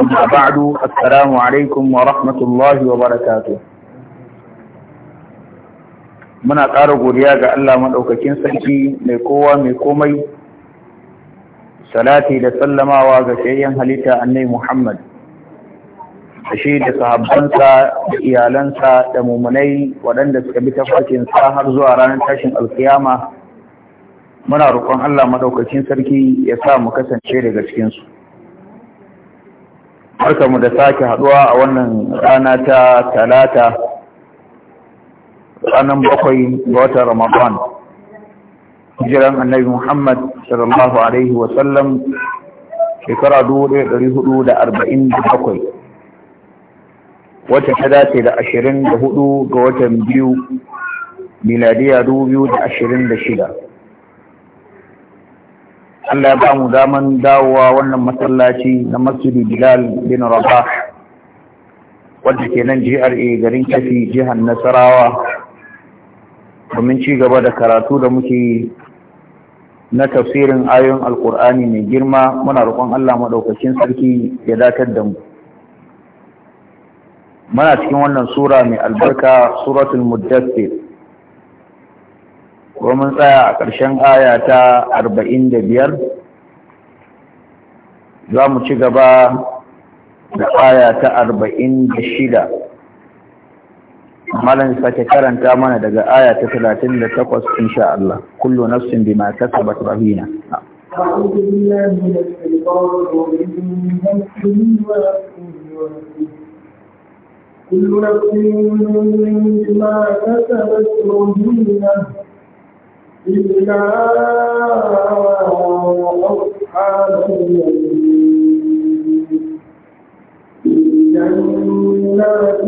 أما بعد السلام عليكم ورحمة wa barakatu muna ƙara godiya ga Allah maɗaukakin sarki mai kowa mai komai salati da sallamawa ga shayyan halitta annai Muhammad da shi da sahabbansa da iyalansa da mummunai, waɗanda suka bi tafarkin sa har zuwa ranar tashin alkiyama muna roƙon Allah maɗaukakin sarki ya sa mu kasance daga cikinsu. mu da sake haduwa a wannan rana ta talata ranar bakwai ga watan ramadan jiran annabi muhammad sallallahu alaihi wasallam shekara 1447 wata ta dace da 24 ga watan biyu miladiya 2026 Allah ya ba mu daman dawowa wannan masallaci na masjidu Bilal bin Rabah wadda ke nan GRA garin kafi jihar Nasarawa domin ci gaba da karatu da muke na tafsirin ayoyin Alƙur'ani mai girma muna roƙon Allah maɗaukakin sarki ya datar da mu. Muna cikin wannan sura mai albarka suratul muddathir ko tsaya a ƙarshen aya ta arba'in da biyar za mu ci gaba da aya ta arba'in da shida malam sake karanta mana daga aya ta talatin da takwas sha Allah kullum kullu nafsin bima kasabat rahina أعوذ بالله من الشيطان الرجيم كل نفس بما كسبت رهينه إلا أصحاب جنات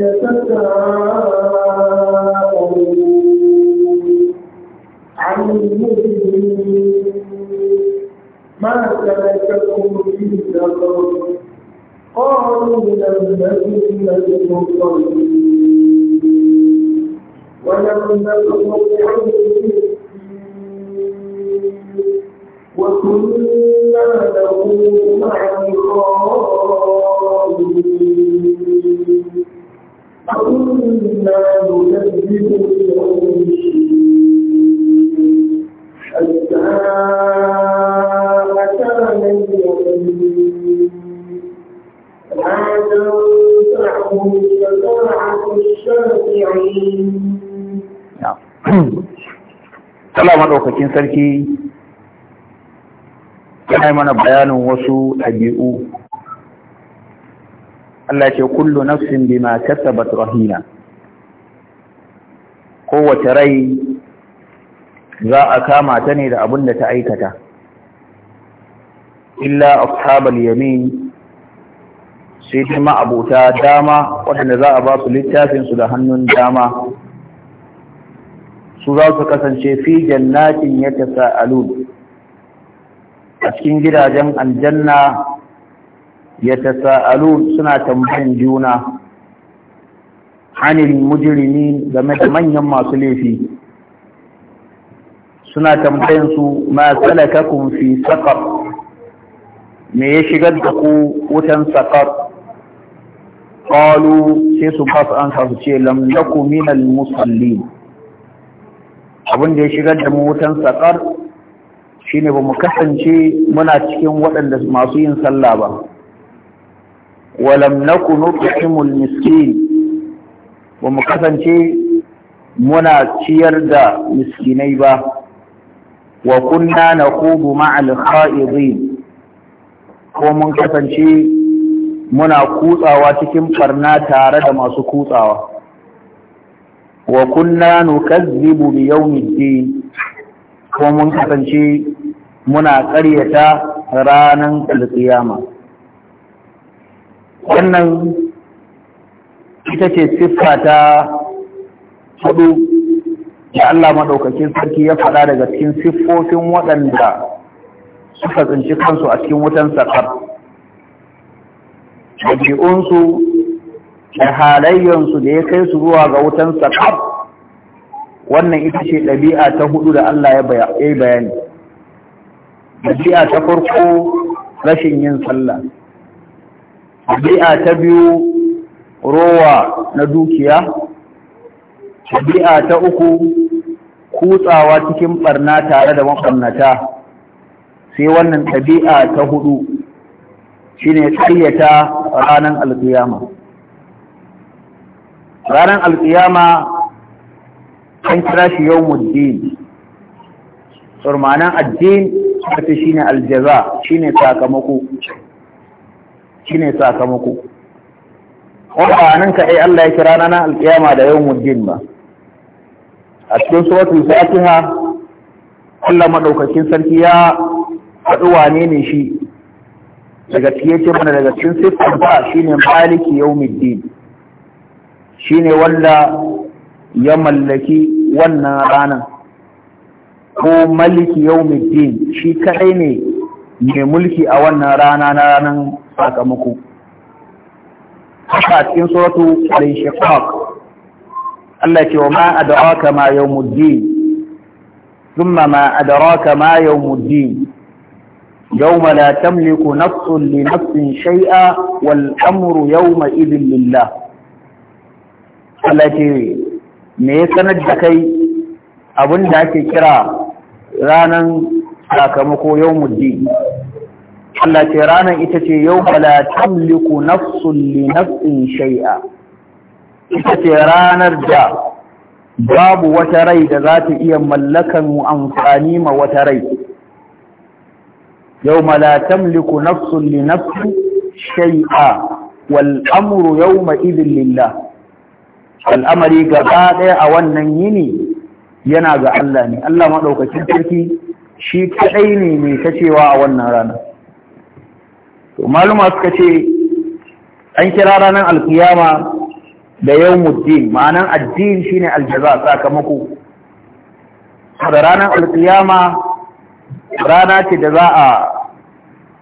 يتساءلون عن ما سلككم في قالوا لم نكن نسقي ولم نستطع وكنا له مع الخائنين فكنا نكذب بيوم حتى أتانا اليقين لا الشافعين Allah maɗaukakin sarki yana mana bayanin wasu ɗabi'u Allah ce kullu nafsin bima kasabat rahina kowace rai za a kama ta ne da abin da ta aikata illa ashabal yamin sai ma abota dama waɗanda za a ba su littafin da hannun dama su za su kasance fi jannatin ya tasa'alun a cikin gidajen aljanna ya tasa'alun suna tambayin juna hannun mujirini game da manyan masu laifi suna tambayan su ma salakakum fi saƙar me ya shigar da ku wutan saƙar? ƙalu sai su ba su an su ce lam minal musallin abin da ya shigar da mu wutan sakar shine ba mu kasance muna cikin waɗanda masu yin sallah ba walam na naku nuqimul miskin ba mu kasance muna ciyar da miskinai ba wa kunna na naqubu ma'al kha'idin ko mun kasance muna kutsawa cikin farna tare da masu kutsawa wa kunna nukazzibu bi yawmiddin ko mun kasance muna ƙaryata ranan alƙiyama wannan ita ce siffa ta hudu da Allah maɗaukacin sarki ya faɗa daga cikin siffofin waɗanda suka tsinci kansu a cikin wutan sakar ɗabi'unsu da halayyarsu da ya kai su ruwa ga wutan saƙaf wannan ita ce ɗabi'a ta hudu da Allah ya bayani ɗabi'a ta farko rashin yin sallah ɗabi'a ta biyu rowa na dukiya ɗabi'a ta uku kutsawa cikin ɓarna tare da maɓarnata sai wannan ɗabi'a ta hudu shine tsayyata ranar alƙiyama ranar alƙiyama an kira shi yau muddin surmanan addin wata shi ne aljaza shine sakamako shi ne nan ka ai Allah ya kira ranar alƙiyama da yau muddin ba a cikin suratu fatiha Allah madaukakin sarki ya faɗi wane ne shi daga cikin mana daga cikin siffar ba shine maliki din. shine wanda ya mallaki wannan ranar ko maliki yawmiddin shi kadai ne mai mulki a wannan rana na ranar sakamako haka cikin suratu al-inshiqaq Allah ce wa ma adraka ma yawmuddin thumma ma adraka ma yawmuddin يوم لا تملك نفس لنفس شيئا والأمر يومئذ لله Allah ce me ya sanar da kai abin da ake kira ranar sakamako yau muddi Allah ce ranar ita ce yau la tamliku nafsun li nafsin shai'a ita ce ranar da babu wata rai da za ta iya mallakan amfani ma wata rai yau la tamliku nafsun li nafsin shai'a wal amru yawma idhin lillah al'amari gaba ɗaya a wannan yini yana ga Allah ne Allah maɗaukacin sarki shi kaɗai ne mai kacewa a wannan rana to maluma suka ce an kira ranar alkiyama da yau yawmuddin ma'anan addin ne aljaza sakamako da ranar alkiyama rana ce da za a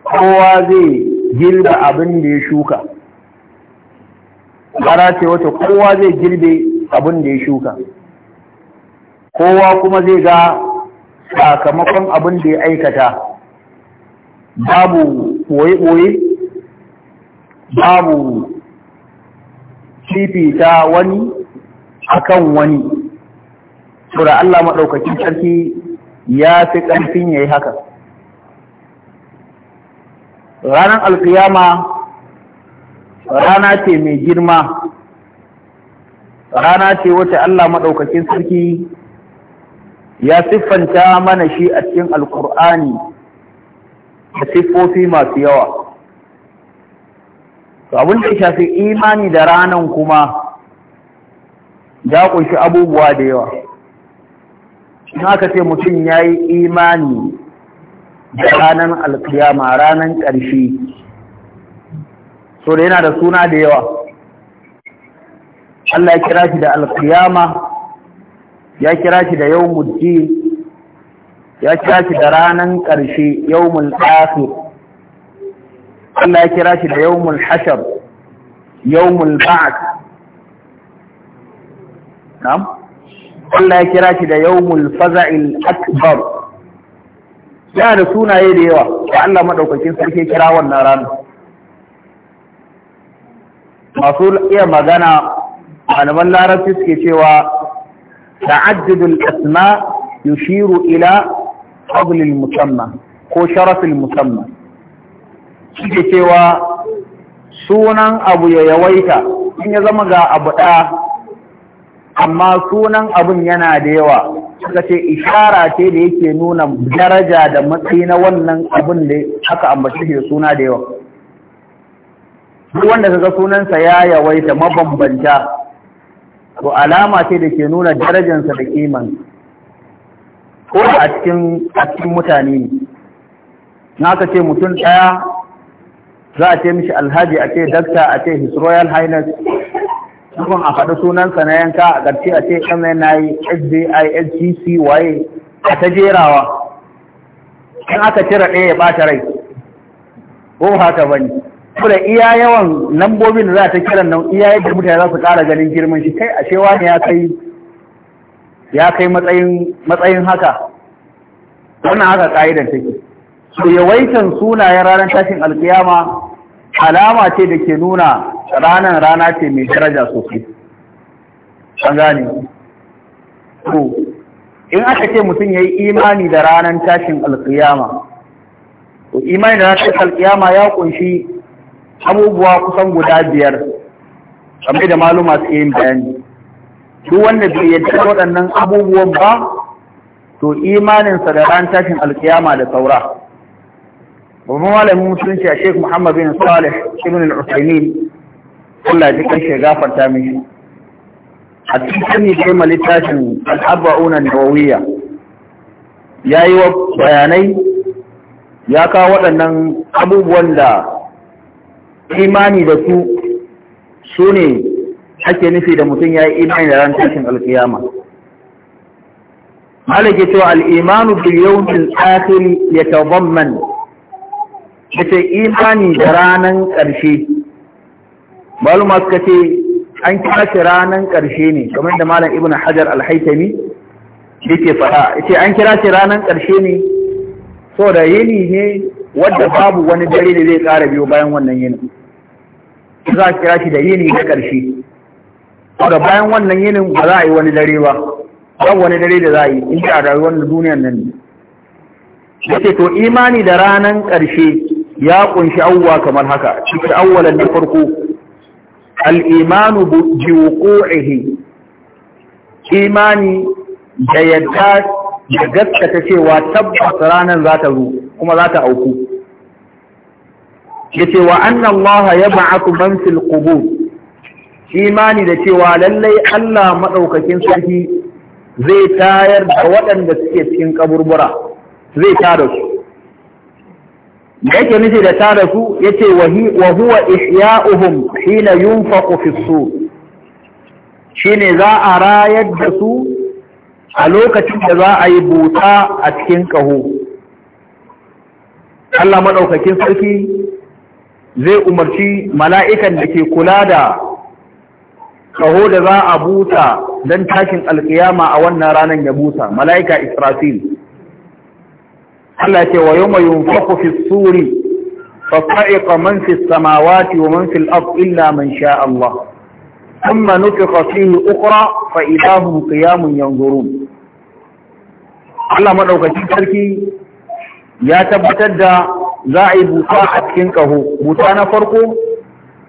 kowa zai girbe abin da ya shuka rana ce wata kowa zai girbe abin da ya shuka kowa kuma zai ga sakamakon abin da ya aikata babu ɓoye-ɓoye babu ta wani akan wani tura Allah maɗaukacin sarki ya fi ƙarfin ya yi haka ranar alkiyama rana ce mai girma rana ce wata Allah maɗaukakin sarki ya siffanta mana shi a cikin alkur'ani da siffofi masu yawa abin da shafi imani da ranan kuma ya ƙunshi abubuwa da yawa in aka ce mutum ya yi imani da ranan alkiyama ranan ƙarshe to da yana da suna da yawa Allah ya kira shi da alƙiyama ya kira shi da yawmul din ya kira shi da ranan ƙarshe yawmul akhir Allah ya kira shi da yawmul hashar yawmul ba'd na'am Allah ya kira shi da yawmul faza'il akbar yana da sunaye da yawa Allah madaukakin sarki kira wannan ranar masu iya magana malaman larabci suke cewa ta'addudul asma yushiru ila fadlil musamma ko sharafil musamma suke cewa sunan abu ya yawaita in ya zama ga abu ɗa, amma sunan abun yana da yawa suka ce ishara ce da yake nuna daraja da matsayi na wannan abun da aka ambace shi da suna da yawa duk wanda kaga sunansa ya yawaita mabambanta to alama ce da ke nuna darajansa da kiman ko a cikin cikin mutane ne na ka ce mutum ɗaya za a ce mishi alhaji a ce dakta a ce his royal highness dukkan a faɗi sunansa na yanka a ƙarshe a ce mni sdi waye a ta jerawa in aka cire ɗaya ya ɓata rai ko haka bane kuma iya yawan lambobin da za ta kiran nan iya yadda mutane za su kara ganin girman shi kai ashe wani ya kai ya kai matsayin haka wannan haka ƙa'idar take Su yawaitan sunayen ranar tashin alƙiyama alama ce da ke nuna ranar rana ce mai daraja sosai an gane to in aka ce mutum ya yi imani da ranar tashin alƙiyama to imani da ranar tashin alƙiyama ya ƙunshi abubuwa kusan guda biyar kamar da maluma su yin bayani duk wanda bai yadda waɗannan abubuwan ba to imaninsa da ran tashin alkiyama da saura babban malamin musulunci a sheik muhammad bin salih ibn al-usaimin Allah ji kai shiga farta mishi a cikin ne kai malitashin al'abba'una nawawiyya ya yi wa bayanai ya kawo waɗannan abubuwan da imani da su su ne ake nufi da mutum ya yi imani da ran tashin alkiyama malaki cewa al'imanu ya taubon man yatadamman ce imani da ranar ƙarshe maluma suka ce an kira shi ƙarshe ne kamar da malam ibn hajar al-haitami yake faɗa ce an kira shi ƙarshe ne So da yini ne wadda babu wani dare da zai ƙara biyo bayan wannan yinin za a kira shi da yini na ƙarshe da bayan wannan yinin ba za a yi wani dare ba babu wani dare da za a yi in a rayuwar duniyan nan ne yake to imani da ranan ƙarshe ya kunshi awwa kamar haka cikin awwalan da farko al'imanu bu bi imani da yadda da gaskata cewa tabbas ranar za ta zo kuma za ta auku ya wa 'annan Allah yab'athu man fil qubur imani da cewa lallai Allah madaukakin sarki zai tayar da waɗanda suke cikin kaburbura zai tada su yake nufi da tada su yace wa huwa ihya'uhum hina yunfaqu fi Shi shine za a rayar da su a lokacin da za a yi buta a cikin ƙaho Allah maɗaukakin sarki zai umarci mala'ikan da ke kula da ƙaho da za a buta don tashin alƙiyama a wannan ranar ya buta mala'ika israfil Allah ce wa yau mai yunfaku fi suri fasa'iƙa man fi samawati wa man fi al'af illa man sha Allah ثم نفخ فيه أخرى فإلههم قيام ينظرون Allah maɗaukacin sarki ya tabbatar da za a yi buta a cikin ƙaho buta na farko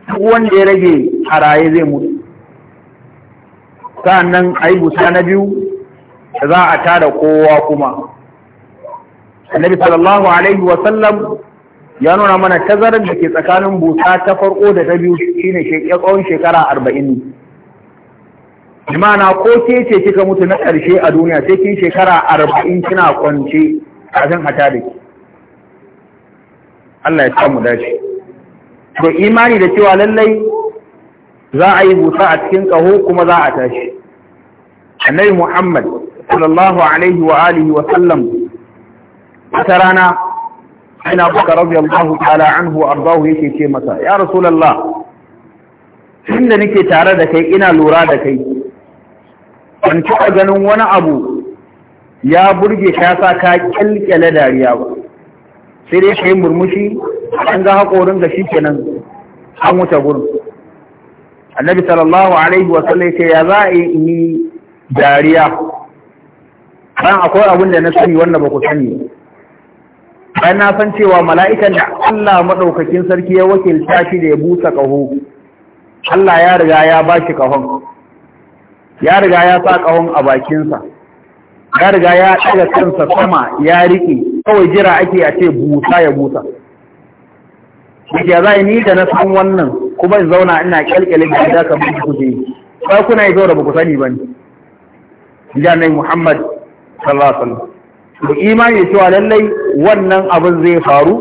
duk wanda ya rage a raye zai mutu sa'annan a yi buta na biyu za a tada kowa kuma annabi sallallahu alaihi wasallam ya nuna mana tazarar da ke tsakanin buta ta farko da ta biyu shine tsawon shekara arba'in imana ko ke ce kika mutu na ƙarshe a duniya sai kin shekara arba'in kina kwance kafin hata da ke. Allah ya samu dace to imani da cewa lallai za a yi buta a cikin ƙaho kuma za a tashi annabi muhammad sallallahu alaihi wa alihi wa sallam wata rana ina baka radiyallahu ta'ala anhu ardahu yake ce masa ya rasulullah tunda nake tare da kai ina lura da kai an taɓa ganin wani abu ya burge ka sa ka kyalkyale dariya ba sai dai ka yi murmushi an ga haƙorin ga shi kenan an wuce gurin annabi sallallahu alaihi wa sallam ce ya za a yi dariya bayan akwai abin da na sani wannan ba ku sani bayan na san cewa mala'ikan da Allah maɗaukakin sarki ya wakilta shi da ya busa ƙaho Allah ya riga ya bashi shi ƙahon ya riga ya sa ƙahon a bakinsa ya riga ya ɗaga kansa sama ya riƙe kawai jira ake a ce busa ya busa yake za ni da na san wannan kuma in zauna ina kyalkyalin da ya kamar da kuke yi sai kuna yi zaura ba ku sani ba ne janai muhammad sallallahu alaihi wasallam to imani cewa lallai wannan abin zai faru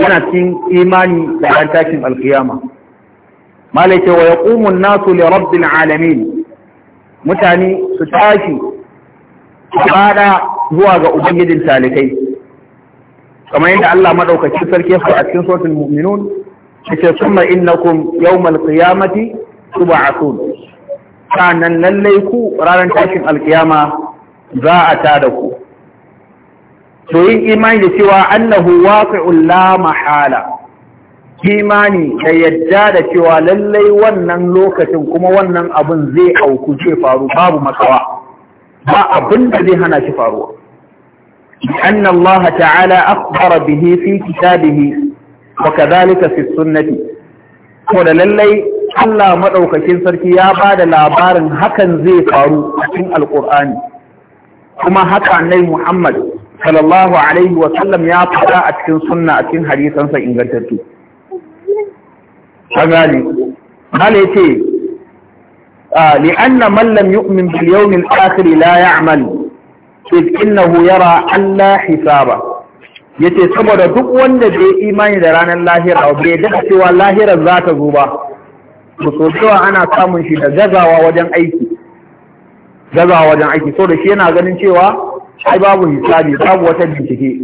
yana cikin imani da ran tashin alkiyama malai cewa yaqumu an-nasu li rabbil alamin mutane su tashi fada zuwa ga ubangijin talikai kamar yadda Allah madaukaki sarki ya a cikin suratul mu'minun yace summa innakum yawmal qiyamati tub'atun sanan lallai ku ranar tashin alkiyama za a tada ku to yin imani da cewa annahu waqi'un la mahala imani da yadda da cewa lallai wannan lokacin kuma wannan abin zai auku zai faru babu makawa ba abin da zai hana shi faruwa لأن الله تعالى أخبر به في كتابه وكذلك في السنة قال للي الله مدوكشين سركي يا بعد لابار هكا زي فارو من القرآن كما هكا عني محمد صلى الله عليه وسلم يا فراء أتكن سنة أتكن حديثا سإنغتتو an gane ya ce ah, li'anna mallam yu'min bil yawmin akhir la ya'mal iz innahu yara alla hisaba yace saboda duk wanda bai imani da ranar lahira bai da cewa lahirar za ta zo ba musulcewa ana samun shi da gazawa wajen aiki gazawa wajen aiki so da shi yana ganin cewa ai babu hisabi babu wata bincike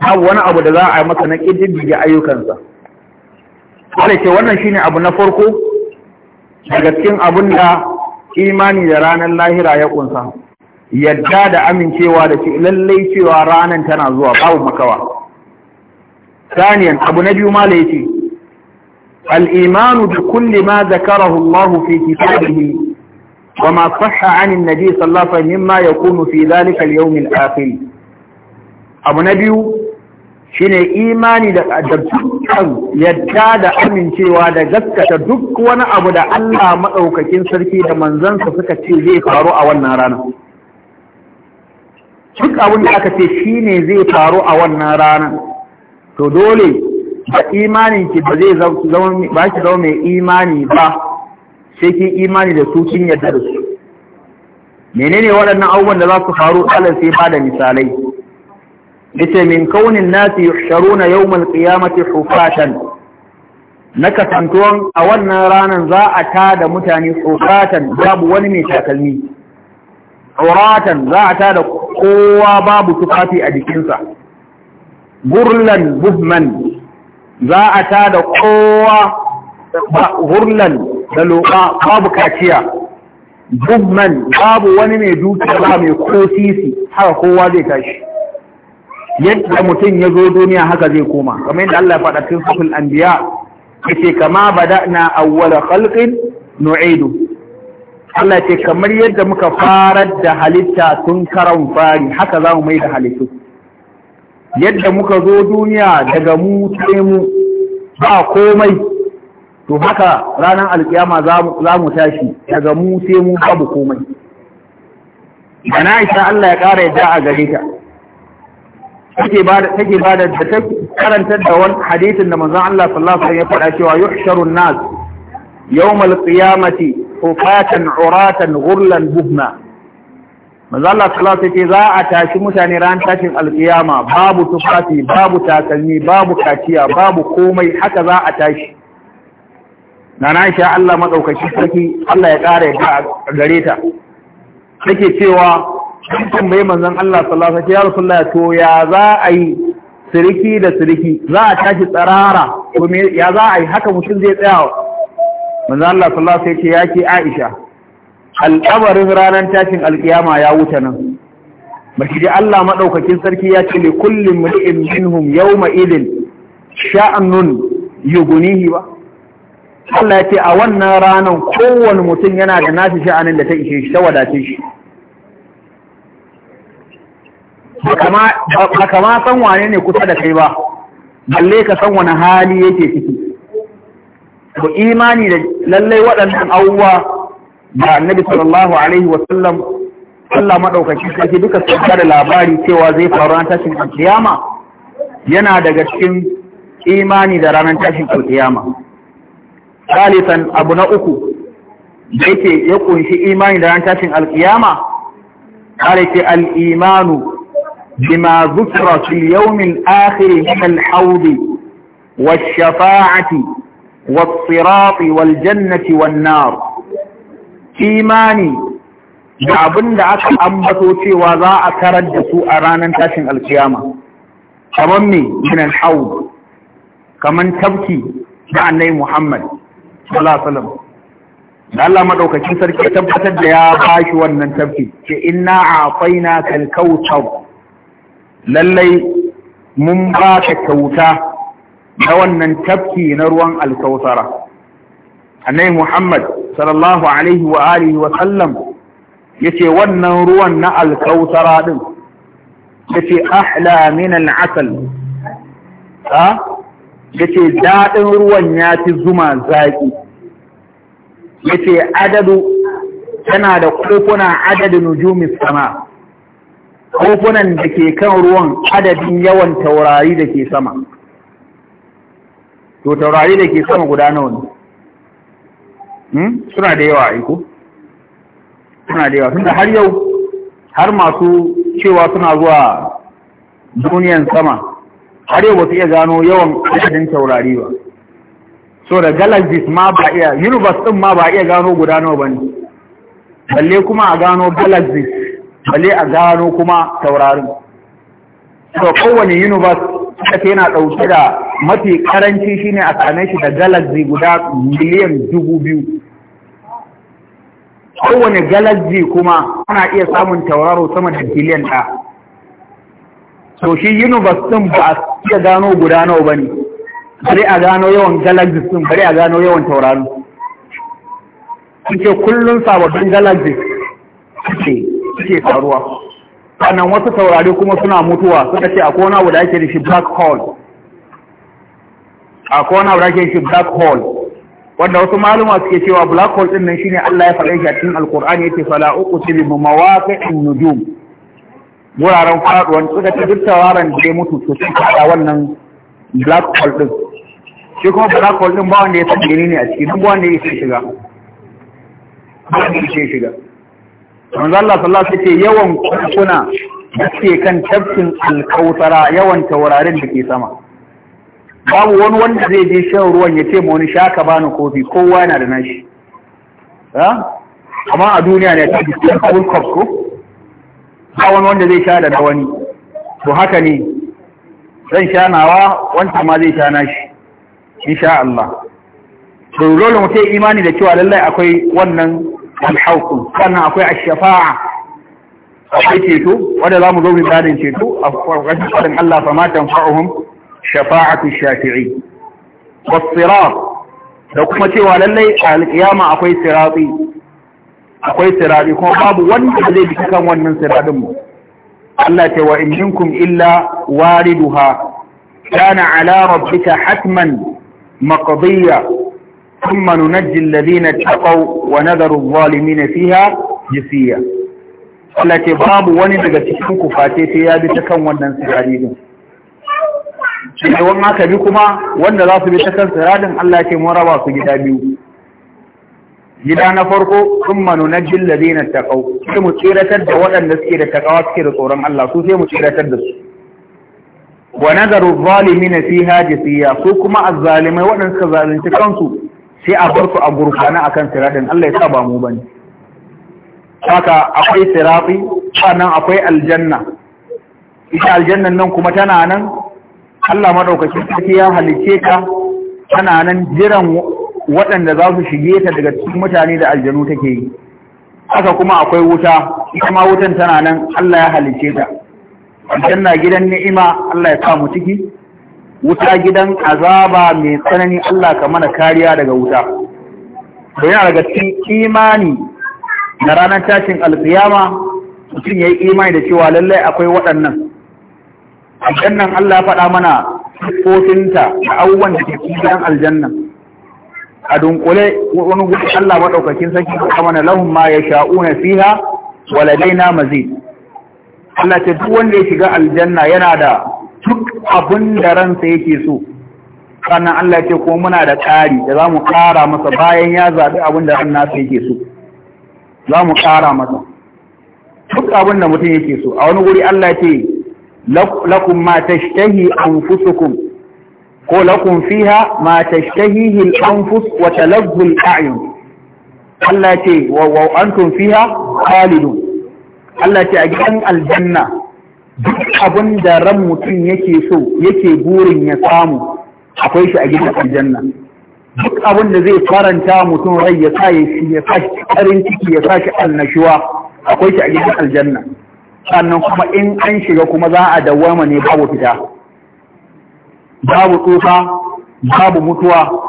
babu wani abu da za a yi masa na ƙididdige ayyukansa Allah ce wannan shi ne abu na farko daga cikin abin da imani da ranar lahira ya ƙunsa. yadda da amincewa da ce lallai cewa ranar tana zuwa babu makawa. Saniyan abu na biyu mala ce, al’imanu da kulle ma zakara Allah fi kitabihi wa ma sahha anin nabi sallallahu alaihi wa sallam ma yakunu fi zalika al-yawm abu na biyu Shi ne imani da dukkan yadda da amincewa da gaskata duk wani abu da Allah maɗaukakin sarki da manzansa suka ce zai faru a wannan rana duk abin da aka ce shi ne zai faru a wannan rana to dole da imanin ki ba zai zama ba ki zama mai imani ba sai ki imani da su kin yadda da su menene waɗannan abubuwan da za su faru ɗalar sai ba da misalai yace min kaunin nasi yuhsharuna yawmal qiyamati hufatan na kasantuwan a wannan ranar za a tada mutane hufatan babu wani mai takalmi uratan za a tada kowa babu tufafi a jikinsa gurlan buhman za a tada kowa ba gurlan da loka babu kaciya buhman babu wani mai dukiya mai kosisi haka kowa zai tashi yadda mutum ya zo duniya haka zai koma kamar yadda Allah faɗa cikin sufil anbiya yace kama bada'na awwala khalqin nu'idu Allah ce kamar yadda muka farar da halitta tun karan fari haka za mu mai da halittu yadda muka zo duniya daga mu sai mu ba komai to haka ranar alkiyama za mu tashi daga mu sai mu babu komai da isa Allah ya ƙara ya ja a gare ta take ba da take ba da ta karantar da wani hadisin da manzon Allah sallallahu alaihi wasallam ya faɗa cewa yuhsharu an-nas yawm al-qiyamati hufatan uratan ghurlan bubna. manzon Allah sallallahu alaihi wasallam za a tashi mutane ran tashin al-qiyama babu tufafi babu takalmi babu kaciya babu komai haka za a tashi na na Aisha Allah madaukaki sarki Allah ya kare ta gare ta take cewa an tambaye manzon Allah sallallahu alaihi wasallam ya rasulullahi to ya za a yi siriki da siriki za a tashi tsarara ko me ya za a yi haka mutum zai tsaya manzon Allah sallallahu alaihi wasallam ya Aisha al'abarin ranar tashin alkiyama ya wuce nan baki Allah madaukakin sarki ya ce li kulli mul'in minhum yawma idin sha'anun yugunihi ba Allah ya ce a wannan ranar kowane mutum yana da nasi sha'anin da ta ishe shi ta wadace shi ba kama san wane ne kusa da kai ba balle ka san wani hali yake ciki Ko imani da lallai waɗannan abubuwa da annabi sallallahu alaihi wasallam Allah maɗaukaki ake duka sun da labari cewa zai faru ran tashin kiyama yana daga cikin imani da ranar tashin kiyama salisan abu na uku da yake ya kunshi imani da ranar tashin alkiyama kare ce al'imanu بما ذكر في اليوم الآخر من الحوض والشفاعة والصراط والجنة والنار كيماني جعبن دعك أمبتو في وضاء ترجسو أرانا تاشن القيامة كمني من الحوض كمن تبكي جعني محمد صلى الله عليه وسلم الله ما دوكا كيسر كتبتت ليا باش وانا تبكي كإنا إيه عطيناك الكوثر lallai mun ba ka kyauta na wannan tafki na ruwan alkautara annai muhammad sallallahu alaihi wa alihi wa sallam ce wannan ruwan na alkautara din ce ahla min al'asal ha yace daɗin ruwan ya fi zuma zaki yace adadu tana da kofuna adadin nujumis kofunan da ke kan ruwan adadin yawan taurari da ke sama to taurari da ke sama guda nawa ne hmm? suna da yawa aiko suna da yawa tunda har yau har masu cewa suna zuwa duniyan sama har yau ba su iya gano yawan adadin taurari ba so da galaxies ma ba iya universe din ma ba iya gano guda nawa ba ne. balle kuma a gano galaxies balle a gano kuma taurarin to kowane universe take yana ɗauke da mafi karanci shine a same shi da galaxy guda miliyan dubu biyu kowane galaxy kuma ana iya samun tauraro sama da biliyan ɗaya so shi universe ɗin ba a iya gano guda nawa ba ne bari a gano yawan galaxy ɗin bari a gano yawan tauraro sun kullum sababbin galaxy ce suke faruwa sannan wasu saurari kuma suna mutuwa suka ce akwai wani wuda da ake da shi black hole akwai wani wuda da ake shi black hole wanda wasu maluma suke cewa black hole din nan shine Allah ya faɗa shi a cikin alkur'ani yace fala uqsimu bi mawaqi'in nujum wuraren faduwan suka ce duk tawaran da ya mutu to sun faɗa wannan black hole din shi kuma black hole din ba wanda ya san ne a cikin duk wanda ya shiga ba wanda ya shiga manzo Allah sallallahu alaihi wasallam yawan kuna da ke kan tafkin alkautara yawan taurarin da ke sama babu wani wanda zai je shan ruwan ya ce ma wani shaka bani kofi kowa yana da nashi amma a duniya ne ta jikin full cup ko ba wani wanda zai sha da wani to haka ne zan sha nawa wanda ma zai sha nashi insha Allah to dole mu imani da cewa lallai akwai wannan alhauku sannan akwai ashafa'a akwai ceto wanda za mu zo mu ceto a farkashin fadin Allah fa matan shafa'atu shafi'i wasirat da kuma cewa lallai a alƙiyama akwai sirati akwai sirati kuma babu wanda zai bi kan wannan siratin mu Allah ce wa in minkum illa wariduha kana ala rabbika hatman maqdiya ثم ننجي الذين اتقوا ونذر الظالمين فيها Allah ce babu wani daga cikin ku fate sai ya bi ta kan wannan siradin shi wannan aka bi kuma wanda za su bi ta kan siradin Allah ce mun raba su gida biyu gida na farko thumma nunajji alladhina taqaw sai mu tsiratar da waɗanda suke da taƙawa suke da tsoron Allah su sai mu tsiratar da su wa nadaru na fiha jisiya su kuma azzalimai waɗanda suka zalunci kansu sai a bar su a gurfana akan siratin Allah ya sa ba mu bane haka akwai sirati sannan akwai aljanna ita aljannan nan kuma tana nan Allah maɗaukacin sarki ya halice ka tana nan jiran waɗanda za su shige ta daga cikin mutane da aljanu take yi haka kuma akwai wuta ita ma wutan tana nan Allah ya halice ta aljanna gidan ni'ima Allah ya sa mu ciki wuta gidan azaba mai tsanani Allah ka mana kariya daga wuta da yana daga cikin imani na ranar tashin alfiyama mutum ya yi imani da cewa lallai akwai waɗannan aljannan Allah faɗa mana siffofinta da abubuwan da ke gidan aljannan a dunkule wani gudu Allah maɗaukakin sarki faɗa mana lahun ma ya sha'una fiha waladaina mazid Allah ce duk wanda ya shiga aljanna yana da duk abin da ransa yake so sannan Allah ce ko muna da ƙari da za mu ƙara masa bayan ya zaɓi abin da ran nasa yake so za mu ƙara masa duk abin da mutum yake so a wani wuri Allah ce lakum ma tashtahi anfusukum ko lakum fiha ma tashtahihi al-anfus wa talazzu al-a'yun Allah ce wa antum fiha khalidun Allah ce a gidan aljanna duk abin da ran mutum yake so yake burin ya samu akwai shi a gidan aljanna duk abin da zai faranta mutum rai ya sa ya shi ya sa karin ciki ya sa shi annashuwa akwai shi a gidan aljanna sannan kuma in an shiga kuma za a dawama ne babu fita babu tsufa babu mutuwa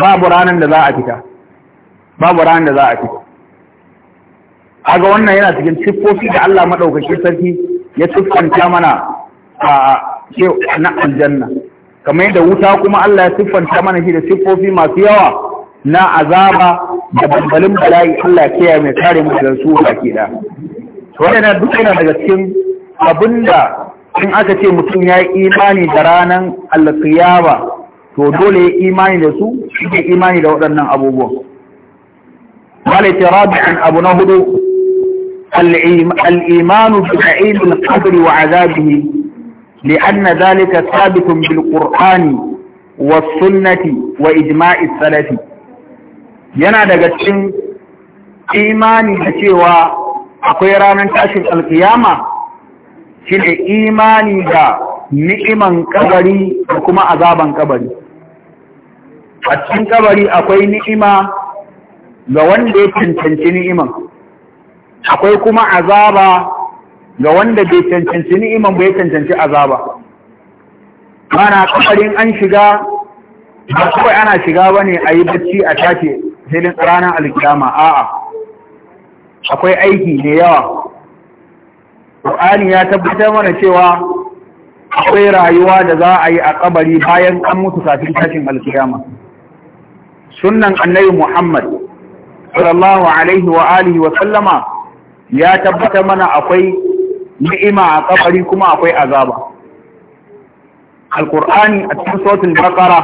babu ranar da za a fita babu ranar da za a fita kaga wannan yana cikin siffofi da Allah madaukaki sarki ya siffanta mana a na aljanna kamar yadda wuta kuma Allah ya siffanta mana shi da siffofi masu yawa na azaba da bambalin bala'i Allah ya mai kare mu da su ke da wannan duk yana daga cikin abinda in aka ce mutum ya yi imani da ranar alkiyama to dole ya imani da su shi imani da waɗannan abubuwan. Malaita rabi'an abu na hudu الإيمان بفعيل القبر وعذابه لأن ذلك ثابت بالقرآن والسنة وإجماع salafi. yana daga cikin imani da cewa akwai ranar tashin alkiyama shine imani da ni'iman ƙabari da kuma azaban ƙabari. a cikin kabari akwai ni'ima ga wanda ya cancanci ni'iman akwai kuma azaba ga wanda bai cancanci ni'iman bai cancanci azaba mana kafarin an shiga ba kawai ana shiga ba ne a yi bacci a tashi filin ranar alkiyama a'a akwai aiki ne yawa ƙur'ani ya tabbatar mana cewa akwai rayuwa da za a yi a kabari bayan an mutu kafin tashin alkiyama Sunan annabi muhammad sallallahu alaihi wa alihi wa sallama ya tabbata mana akwai ni'ima a kabari kuma akwai azaba alqur'ani a cikin suratul baqara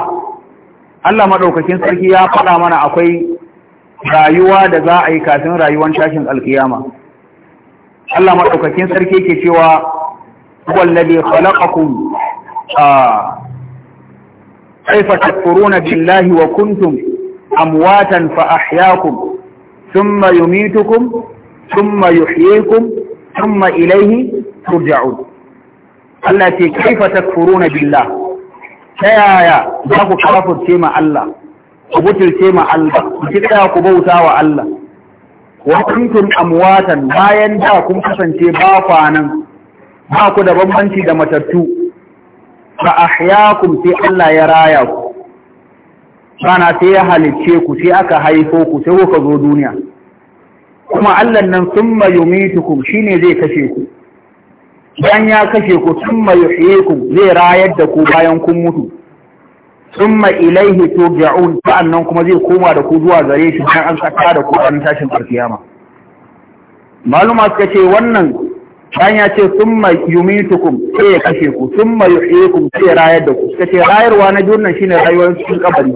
Allah madaukakin sarki ya faɗa mana akwai rayuwa da za a yi kafin rayuwar tashin alkiyama Allah madaukakin sarki yake cewa wallazi khalaqakum kaifa tafuruna billahi wa kuntum amwatan fa ahyaakum thumma yumitukum thumma yuhyikum thumma ilayhi turja'un Allah ce kaifa takfuruna billah ta yaya za ku kafirce ma Allah ku butulce ma Allah ku ci ku bauta wa Allah wa kuntum amwatan bayan da kun kasance ba kwanan ba ku da bambanci da matattu fa ahyaakum sai Allah ya raya ku sana sai ya halicce ku sai aka haifo ku sai kuka zo duniya kuma Allah nan sun summa shi ne zai kashe ku bayan ya kashe ku sun summa ku zai rayar da ku bayan kun mutu Sun summa ilaihi ta'an nan kuma zai koma da ku zuwa gare shi bayan an tsaka da ku an tashin alkiyama maluma suka ce wannan bayan ya ce summa yumitukum sai ya kashe ku sun summa ku sai ya rayar da ku suka ce rayarwa na jurnan shine rayuwar cikin kabari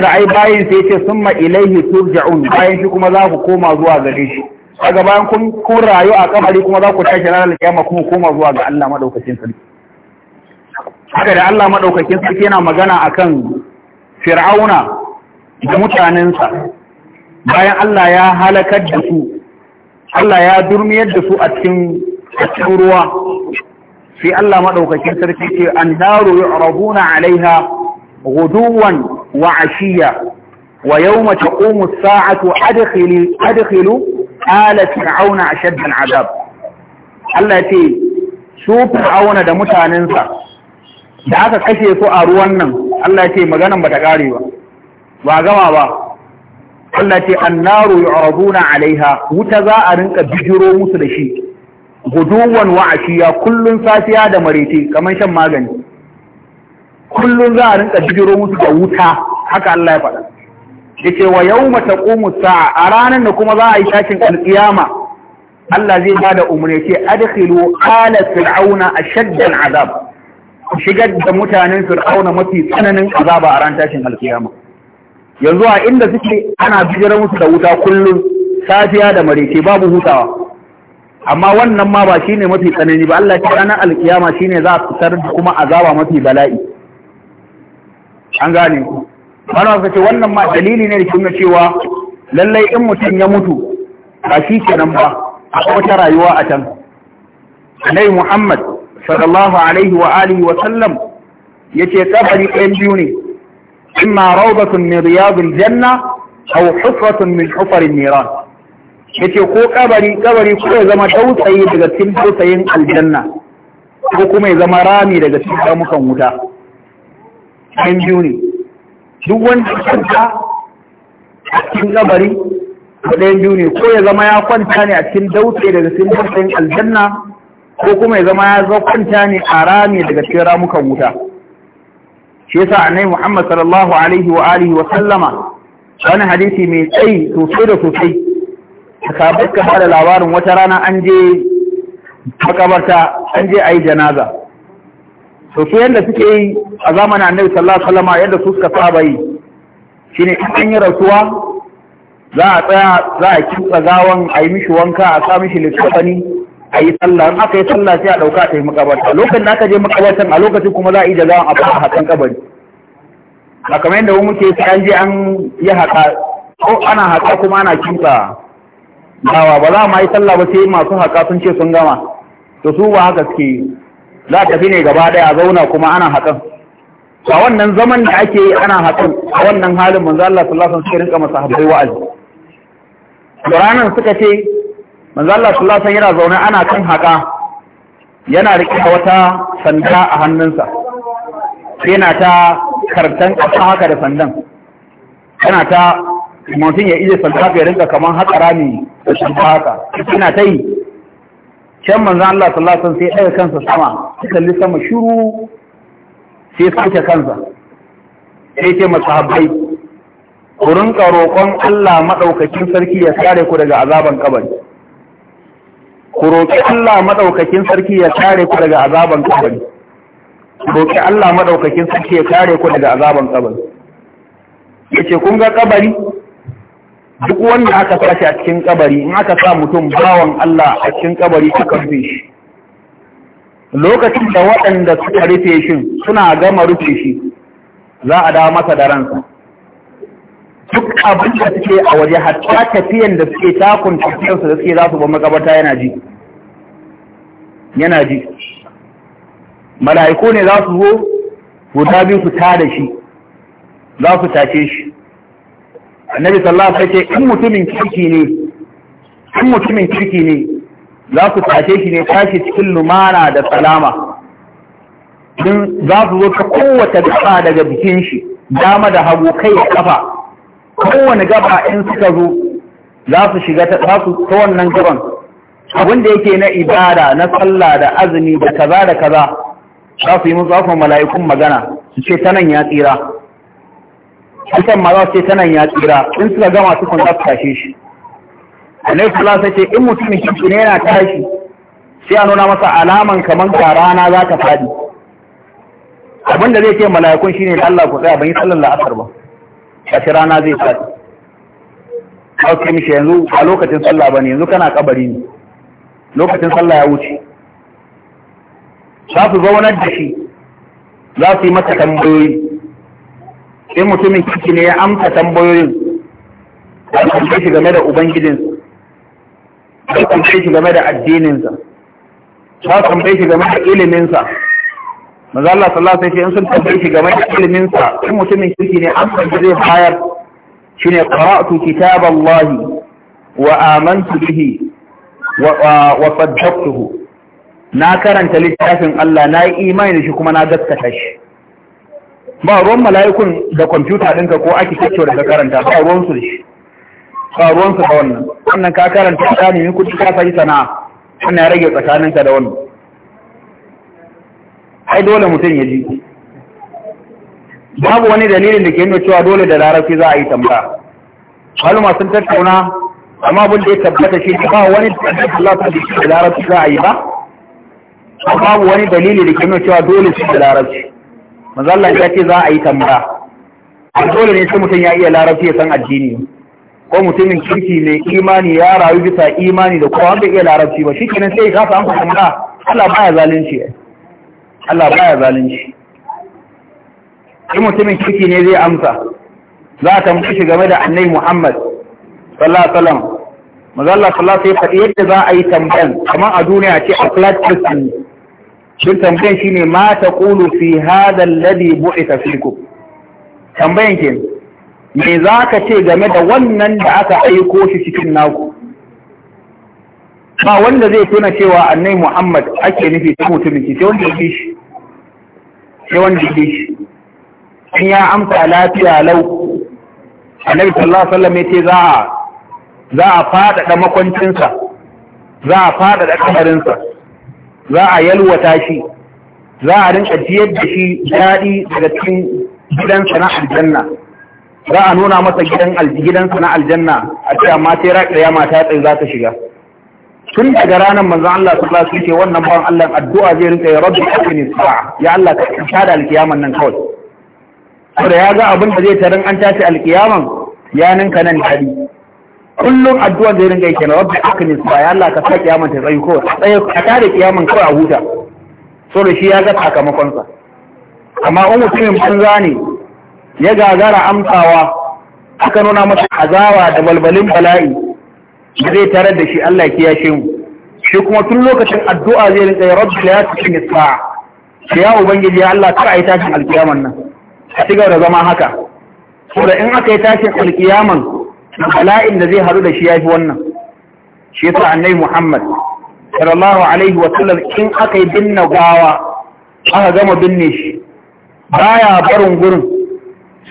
da ai bayin sai yace summa ilaihi turja'un bayan shi kuma za ku koma zuwa gare shi daga bayan kun kun rayu a kamari kuma za ku tashi ranar kiyama kuma koma zuwa ga Allah madaukakin sarki haka da Allah madaukakin sarki yana magana akan fir'auna da mutanensa bayan Allah ya halakar da su Allah ya durmiyar da su a cikin ruwa sai Allah madaukakin sarki ce an daru yu'raduna alaiha ghuduwan wa ashiya wa yawma taqumu as-sa'atu adkhilu adkhilu ala fir'auna ashadda al-'adab Allah ya ce su fir'auna da mutanensa da aka kashe su a ruwan nan Allah ya ce maganan bata kare ba ba gama ba Allah ya ce annaru yu'raduna 'alaiha wuta za a rinka bijiro musu da shi guduwan wa ashiya kullun safiya da marete kaman shan magani kullum za a rinka jigiro musu da wuta haka Allah ya faɗa Ya ce wa yau mata sa'a a ranar da kuma za a yi tashin alƙiyama Allah zai ba da umarni ce adkhilu ala fir'auna ashaddan azab shigar da mutanen fir'auna mafi tsananin azaba a ran tashin alƙiyama yanzu a inda suke ana bijiro musu da wuta kullum safiya da marece babu hutawa amma wannan ma ba shine mafi tsanani ba Allah ya ce ranar alƙiyama shine za a fitar da kuma azaba mafi bala'i an gane ku ana ce wannan ma dalili ne da kuma cewa lallai in mutum ya mutu ba shi kenan ba a wata rayuwa a can Annabi Muhammad sallallahu alaihi wa alihi wa sallam yace kabari ɗayan biyu ne imma rawdatun min riyadil janna aw hufratun min hufarin niran yace ko kabari kabari ko ya zama tausayi daga cikin tausayin aljanna ko kuma ya zama rami daga cikin ramukan wuta ɗan biyu ne duk wanda ya kwanta a cikin kabari ko ɗayan biyu ne ko ya zama ya kwanta ne a cikin dautse daga cikin dautsen aljanna ko kuma ya zama ya zo kwanta ne a rami daga cikin ramukan wuta shi yasa annabi Muhammad sallallahu alaihi wa alihi wa sallama wani hadisi mai tsayi sosai da sosai sahabbai ka fara labarin wata rana an je makabarta an je a yi janaza to su yadda suke yi a zamanin annabi sallallahu alaihi wasallam yadda su suka saba yi shine in an yi rasuwa za a tsaya za a kitsa gawan a yi mishi wanka a sa mishi littafani a yi sallah in aka yi sallah sai a ɗauka a yi makabarta lokacin da aka je makabartan a lokacin kuma za a yi da gawan a fara hakan kabari a kamar yadda wani muke sai an je an yi haka ko ana haka kuma ana kitsa gawa ba za a ma yi sallah ba sai masu haka sun ce sun gama to su ba haka suke za a tafi ne gaba daya a zauna kuma ana hakan a wannan zaman da ake yi ana hakan a wannan halin manzo Allah sallallahu alaihi wasallam sai rinka masahabai wa'azi da ranar suka ce manzo Allah sallallahu alaihi wasallam yana zaune ana kan haka yana rike wata sanda a hannunsa yana ta kartan ƙasa haka da sandan yana ta mutum ya iya sanda ya rinka kaman haƙa rami da shi haka yana ta yi can manzan Allah sallallahu sai ɗaga kansa sama sai kalli sama shiru sai sake kansa sai ce masahabbai ku rinka roƙon Allah maɗaukakin sarki ya kare ku daga azaban kabari ku roƙi Allah maɗaukakin sarki ya kare ku daga azaban kabari ku roƙi Allah maɗaukakin sarki ya kare ku daga azaban kabari ce kun ga kabari duk wanda aka sashi a cikin kabari in aka sa mutum bawan Allah a cikin kabari aka rufe shi lokacin da waɗanda suka rufe shi suna gama rufe shi za a dawo masa da ransa duk abin da suke a waje hatta tafiyan da suke takun tafiyarsu da suke za su ba makabarta yana ji yana ji mala'iku ne za su zo guda biyu su tada shi za su tace shi annabi sallallahu alaihi wasallam in mutumin kirki ne in mutumin kirki ne za ku tashe shi ne tashi cikin lumana da salama din za su zo ta kowace gaba daga bikin shi dama da hagu kai da kafa kowane gaba in suka zo za su shiga ta ta wannan gaban abin da yake na ibada na sallah da azumi da kaza da kaza za su yi musu mala'ikun magana su ce ta nan ya tsira hakan ma za su ce tana ya tsira in suka gama su kun za su tashe shi annabi sallallahu sai ce in mutumin shi ne yana tashi sai a nuna masa alaman kamar ka rana za ta fadi abin da zai ce mala'ikun shine da Allah ku tsaya ban yi sallar la'asar ba kashi rana zai fadi kawai mishi yanzu a lokacin sallah ba ne, yanzu kana kabari ne lokacin sallah ya wuce za su zaunar da shi za su yi masa tambayoyi sai mutumin kirki ne ya amsa tambayoyin ya tambaye shi game da ubangijinsa ya tambaye shi game da addininsa ya tambaye shi game da iliminsa manzo Allah sallallahu alaihi wasallam sun tambaye shi game da iliminsa in mutumin kirki ne amsa da zai bayar shine qara'tu kitaballahi wa amantu bihi wa saddaqtuhu na karanta littafin Allah na yi imani da shi kuma na gaskata shi ba ruwan mala'ikun da kwamfuta ɗinka ko ake kyakkyau da ka karanta ba ruwan su shi ba ruwan su da wannan wannan ka karanta ta nemi kuɗi ka sai sana'a wannan ya rage tsakaninka da wannan ai dole mutum ya ji babu wani dalilin da ke nuna cewa dole da larabci za a yi tambaya Wani sun tattauna amma abin da ya tabbata shi ba wani dalilin da Allah ta da larabci za a yi ba babu wani dalili da ke nuna cewa dole su da larabci Mazalla ya ce za a yi tambara a dole ne sai mutum ya iya larabci ya san addini ko mutumin kirki ne imani ya rayu bisa imani da kowa bai iya larabci ba Shi kenan sai ya kasa an tambaya Allah baya zalunci Allah baya zalunci in mutumin kirki ne zai amsa za a mutu shi game da annai Muhammad sallallahu alaihi wasallam manzo sallallahu alaihi wasallam sai faɗi yadda za a yi tambayan kamar a duniya ce a flat system shin tambayan shine ma taqulu fi hadha alladhi bu'itha fikum tambayan ke me ka ce game da wannan da aka aiko shi cikin naku ba wanda zai tuna cewa annai Muhammad ake nufi ta mutumin sai wanda yake shi sai wanda yake shi in ya amsa lafiya lau annabi sallallahu alaihi wasallam yace za a za a fadada makwancinsa za a fadada kabarinsa za a yalwata shi za a rinka jiyar da shi daɗi daga cikin gidansa na aljanna za a nuna masa gidan gidansa na aljanna a ce amma sai raƙi ya mata tsaye za ta shiga tun daga ranar manzon Allah sallallahu alaihi ce wannan ban Allah addu'a zai rinka ya rabbi akini sa'a ya Allah ka tsaya da alkiyaman nan kawai saboda ya ga abin da zai tarin an tashi alkiyaman ya ninka nan dadi kullum addu'an da ya ringa yake na rabbi akini sa ya Allah ka sa kiyaman ta tsayi ko tsaye ka tare kiyaman kawai a huta so da shi ya ga sakamakon sa amma in mutumin banza ne ya gagara amsawa aka nuna masa azawa da balbalin bala'i da zai tarar da shi Allah ya kiyashe mu shi kuma tun lokacin addu'a zai rinka ya rabbi la tusini sa ya ubangiji ya Allah kar a yi tashin alkiyaman nan a cigaba da zama haka saboda in aka yi tashin alkiyaman bala'in da zai haru da shi ya fi wannan shi yasa annabi muhammad sallallahu alaihi wa sallam in aka yi binne gawa aka gama binne shi baya barin gurin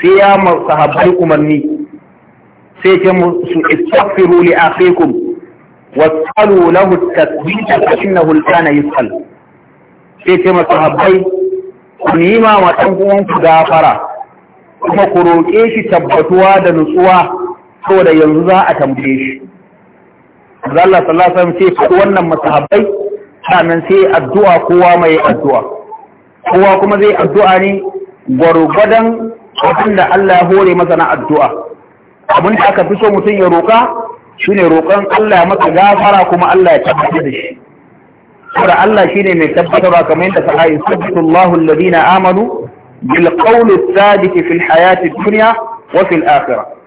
sai ya ma sahabbai umarni sai ce su istaghfiru li akhikum wasalu lahu at-tasbita fa innahu kana yusall sai ce ma sahabbai ku nima ma dan uwanku gafara kuma ku roƙe shi tabbatuwa da nutsuwa saboda yanzu za a tambaye shi Allah sallallahu alaihi wasallam sai wannan masahabbai sannan sai addu'a kowa mai addu'a kowa kuma zai addu'a ne gwargwadon abin da Allah ya hore masa na addu'a abin da aka fi so mutum ya roƙa shine roƙon Allah ya masa gafara kuma Allah ya tabbatar da shi saboda Allah shine mai tabbatarwa kamar yadda sa ayi sallallahu alladhina amanu bil qawli thabit fil hayati dunya wa fil akhirah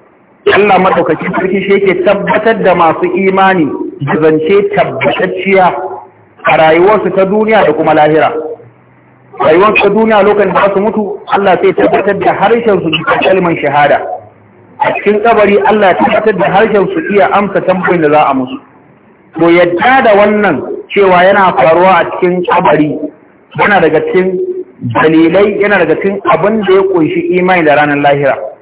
Allah madaukakin sarki shi yake tabbatar da masu imani da zance tabbatacciya a rayuwarsu ta duniya da kuma lahira rayuwarsu ta duniya lokacin da su mutu Allah sai tabbatar da harshen su da kalmar shahada a cikin kabari Allah ya tabbatar da harshen su iya amsa tambayoyin da za a musu to yadda da wannan cewa yana faruwa a cikin kabari yana daga cikin dalilai yana daga cikin abin da ya ƙunshi imani da ranar lahira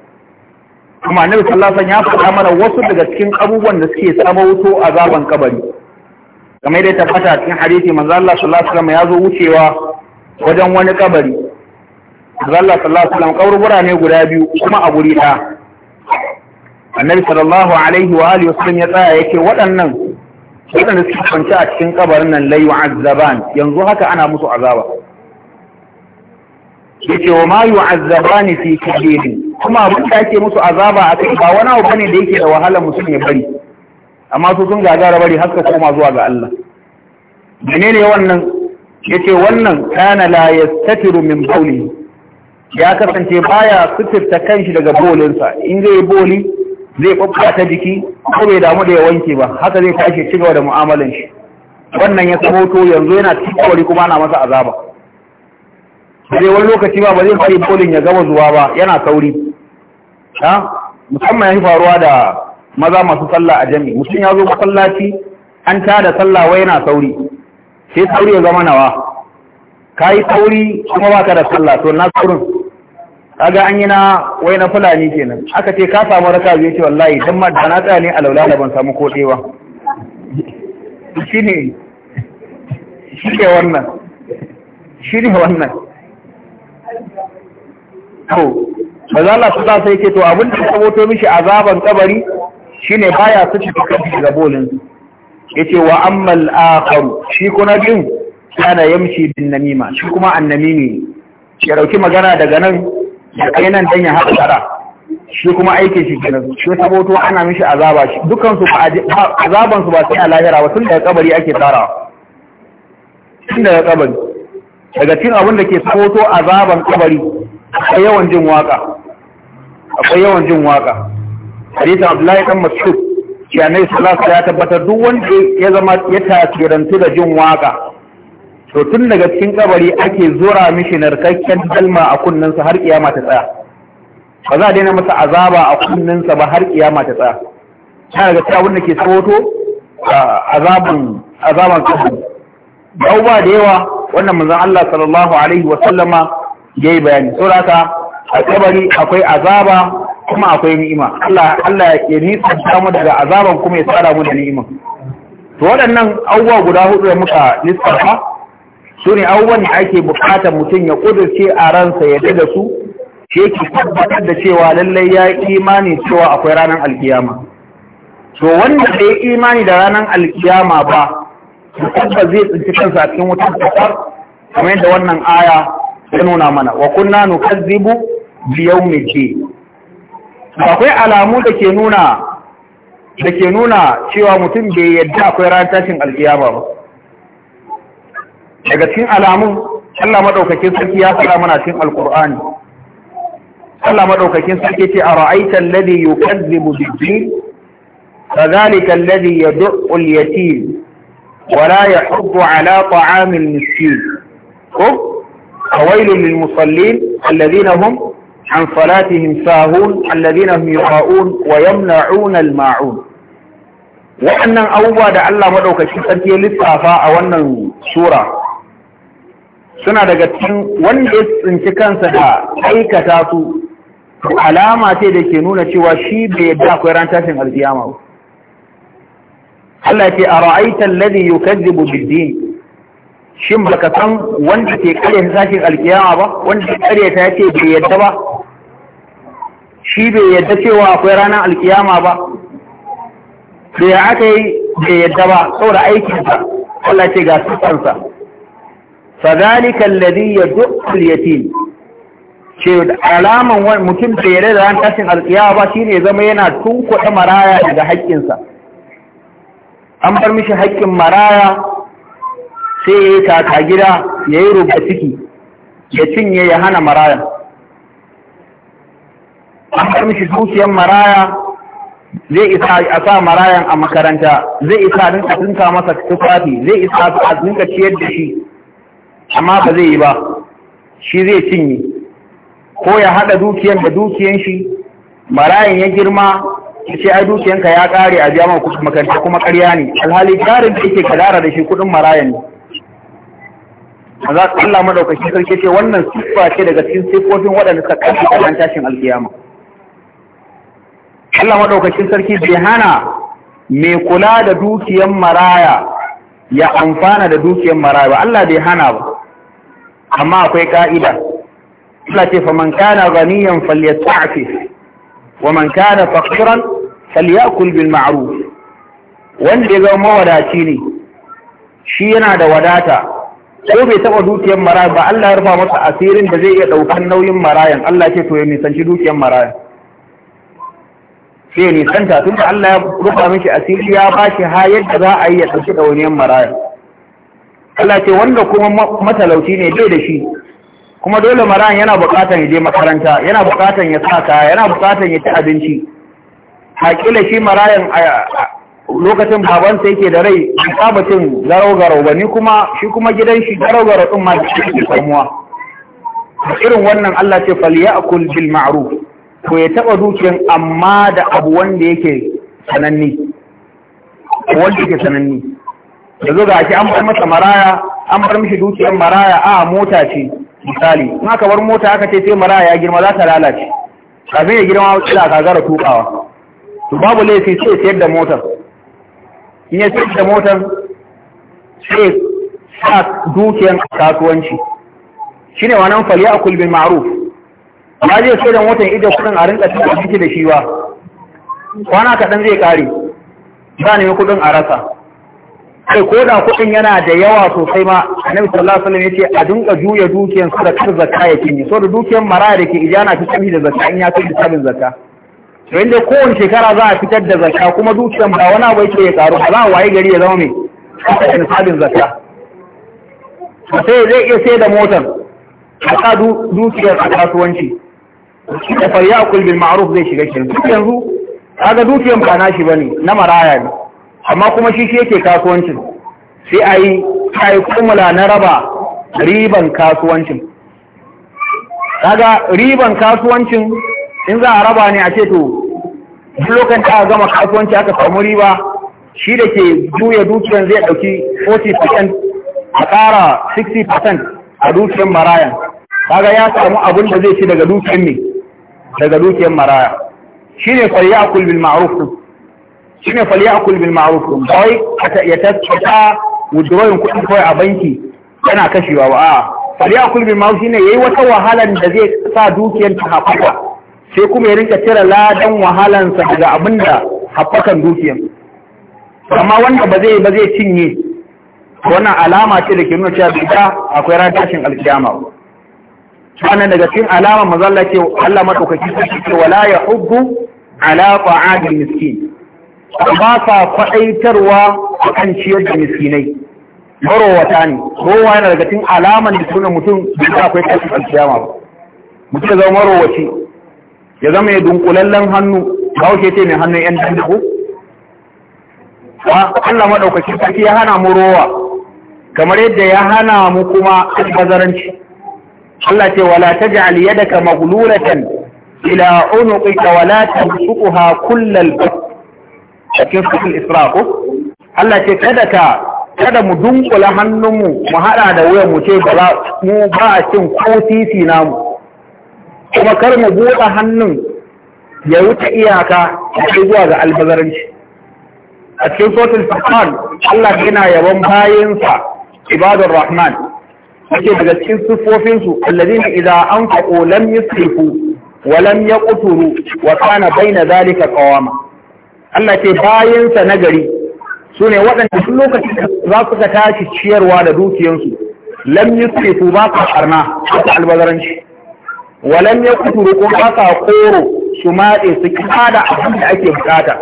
kuma annabi sallallahu alaihi wasallam ya faɗa mana wasu daga cikin abubuwan da suke wuto a zaban kabari kamar dai tabbata a cikin hadisi manzo Allah sallallahu alaihi wasallam ya zo wucewa wajen wani kabari manzo Allah sallallahu alaihi wasallam kaburbura ne guda biyu kuma a guri ɗaya annabi sallallahu alaihi wa alihi wasallam ya tsaya yake waɗannan waɗanda suke kwance a cikin kabarin nan la azzaban, yanzu haka ana musu azaba yace wa ma yu'azzabani fi kabir kuma abin da ake musu azaba a kai ba wani abu ne da yake da wahala mutum ya bari amma su sun gagara bari har koma zuwa ga Allah menene wannan yace wannan kana la yastatiru min bawli ya kasance baya sutirta kanshi daga bolinsa in zai boli zai ta jiki ko bai damu da ya wanke ba haka zai tashi ci gaba da mu'amalan shi wannan ya saboto yanzu yana cikin kuma ana masa azaba sai wani lokaci ba ba zai bari bolin ya gama zuwa ba yana sauri ha musamman yi faruwa da maza masu sallah a jami mutum ya zo masallaci an tada sallah wai yana sauri sai sauri ya zama nawa kayi sauri kuma baka da sallah to na saurin kaga an yi na wai na fulani kenan aka ce ka samu raka zai ce wallahi dan ma da na tsaya ne a laula da ban samu kodewa shine shine wannan shine wannan to maza Allah su za su ke to abin da ta moto mishi azaban kabari shine baya su ci kanshi ga bolin yace wa ammal akharu shi kuna din kana yamshi bin namima shi kuma annamimi ya dauki magana daga nan ya kai nan dan ya haɗa shi kuma aike shi kenan shi ta moto ana mishi azaba shi dukan su azaban su ba sai a lahira ba tun da kabari ake tsarawa tun daga kabari daga cin abin da ke moto azaban kabari a yawan jin waka akwai yawan jin waka hadisin abdullahi dan mas'ud shi annabi salatu ya tabbatar duk wanda ya zama ya tasirantu da jin waka to tun daga cikin kabari ake zura mishi narkakken dalma a kunninsa har kiyama ta tsaya ba za a daina masa azaba a kunninsa ba har kiyama ta tsaya yana daga cikin abin da ke tsoto azaban azaban kabari ba da yawa wannan manzon Allah sallallahu alaihi wa sallama yayi bayani saboda a akwai azaba kuma akwai ni'ima Allah ya nisanta mu daga azaban kuma ya tsara mu da ni'ima to waɗannan abubuwa guda hudu da muka lissafa su ne abubuwan da ake bukatar mutum ya kudurce a ransa ya daga su shi yake tabbatar da cewa lallai ya yi imani cewa akwai ranar alkiyama to wanda bai imani da ranar alkiyama ba tabbas zai tsinci kansa a cikin wutar kasar kamar yadda wannan aya ta nuna mana wa kunna nukazzibu biyaumin ce akwai alamu da ke nuna da ke nuna cewa mutum bai yadda akwai ran tashin alkiyama ba daga cikin alamun Allah madaukakin sarki ya fara mana cikin alkur'ani Allah madaukakin sarki ce ara'aita alladhi yukazzibu bid-din fadhalika alladhi yad'u al-yatim wa la yahuddu ala ta'am al-miskin ko fawailun lil musallin alladhina hum An sahun صلاتهم ساهون الذين هم يقاؤون ويمنعون الماعون waɗannan abubuwa da Allah maɗaukacin sarki ya lissafa a wannan sura suna daga cikin wanda ya tsinci kansa da aikata su alama ce da ke nuna cewa shi bai yadda akwai ran tashin alkiyama ba Allah ce a ra'aita alladhi yukazzibu bid-din shin baka san wanda ke kare tashin alkiyama ba wanda ke kare ta ce bai yadda ba shi bai yadda cewa akwai ranar alkiyama ba da ya aka yi bai yadda ba saboda aikinsa Allah ce ga sufansa fadhalika alladhi ya dukkan yatim ce alaman mutum da ya da ran tashin alkiyama ba shine zama yana tun tunkuɗe maraya daga haƙƙinsa an bar mishi haƙƙin maraya sai ya yi kaka gida ya yi rubuta ciki ya cinye ya hana marayan. an bar mishi dukiyar maraya zai isa a sa marayan a makaranta zai isa din a tunka masa tufafi zai isa a rinka ciyar da shi amma ba zai yi ba shi zai cinye ko ya hada dukiyan da dukiyan shi marayan ya girma ya ce ai dukiyanka ya kare a biya kuɗin makaranta kuma karya ne alhali jarin da yake kadara da shi kuɗin marayan ne za su Allah madaukaki sarki ce wannan siffa ce daga cikin siffofin waɗanda suka kashe a tashin alkiyama Allah maɗaukacin sarki bai hana mai kula da dukiyan maraya ya amfana da dukiyan maraya ba Allah bai hana ba amma akwai ƙa'ida. Allah ce faman kana ganiyan falyasta'fi wa man kana faqiran falyakul bil ma'aru wanda ya zama mawadaci ne shi yana da wadata ko bai taɓa dukiyar maraya ba Allah ya rufa masa asirin da zai iya ɗaukar nauyin marayan Allah ce to ya nisanci dukiyar marayan sai nisanta tun da Allah ya rufa mishi asiri ya ba shi ha yadda za a yi ya ɗauki yan maraya Allah ce wanda kuma matalauci ne bai da shi kuma dole marayan yana bukatan ya je makaranta yana bukatan ya sa kaya yana bukatan ya ci abinci haƙila shi marayan lokacin baban sai ke da rai a saba garau-garau ba ni kuma shi kuma gidan shi garau-garau ɗin ma da shi samuwa irin wannan Allah ce fal ya'kul bil ma'ruf to ya taɓa dukiyan amma da abu wanda yake sananni wanda yake sananni da zo ga shi an bar masa maraya an bar mishi dukiyan maraya a mota ce misali in aka bar mota aka ce sai maraya ya girma za ta lalace kafin ya girma wacce da gagara tukawa to babu laifi sai sayar da motar in ya sayar da motar sai sa dukiyan kasuwanci shine wannan fali akul bil ma'ruf amma zai so don watan ido kudin a rinka cikin jiki da shi ba kwana kaɗan zai ƙare za a nemi kudin a rasa kai ko da kudin yana da yawa sosai ma annabi sallallahu alaihi wasallam yace a dinka juya dukiyan su da kar zakka ya kinyi so da dukiyan maraya da ke ijana ta sami da zakka in ya da sabin zakka to inda kowace shekara za a fitar da zakka kuma dukiyan ba wani abu yake ya karu ba za a waye gari ya zama mai kasashen sabin zakka sai zai iya sai da motar a sa dukiyar a kasuwanci da fa ya'kul bil ma'ruf zai shiga shirin duk yanzu kaga dukiyan ba na shi bane na maraya ne amma kuma shi shi yake kasuwancin sai ayi kai kumula na raba riban kasuwancin kaga riban kasuwancin in za a raba ne a ce to duk lokacin da aka gama kasuwanci aka samu riba shi da ke juya dukiyan zai dauki 40% a kara 60% a dukiyan marayan kaga ya samu abin da zai ci daga dukiyan ne daga dukiyar maraya shine falyakul bil ma'ruf shine falyakul bil ma'ruf bai ya tasaka wudroyin kuɗin kawai a banki yana kashewa ba a a'a falyakul bil ne ya yi wata wahalan da zai sa dukiyar ta haɓaka sai kuma ya rinka cire ladan wahalansa daga abinda haɓakan dukiyar amma wanda ba zai ba zai cinye wannan alama ce da ke nuna cewa bida akwai ran tashin alkiyama wannan daga cikin alama manzo Allah ce Allah madaukaki sai ce wala yahuddu ala ta'amil miskin ba sa a kan ciyar da miskinai marowata ne rowa yana daga cikin alaman da sunan mutum da kai kashi alkiyama ba mutum ya zama marowaci ya zama ya dunkulallen hannu ba wuce ce mai hannun yan dandago ba Allah madaukaki sai ya hana mu rowa kamar yadda ya hana mu kuma albazaranci Allah ce wala taj'al yadaka maghlulatan ila unuqika wala tabsuqha kullal bath cikin sukul israfu Allah ce kada ka kada mu dunkula hannunmu mu hada da wuyan mu ce mu ba a cin ko titi namu kuma kar mu buɗe hannun ya wuce iyaka ta zuwa ga albazaranci a cikin sotul Allah yana yawan bayansa ibadar rahman yake daga cikin siffofinsu allazina an anfaqu lam yusrifu wa lam kuturu wa kana na zalika qawama Allah ce bayansa na gari su ne waɗanda duk lokacin da za su ka tashi ciyarwa da dukiyansu lam yusrifu ba ka harna ta albazaranci wa lam kuturu ko ba ka koro su maɗe su kada abin da ake bukata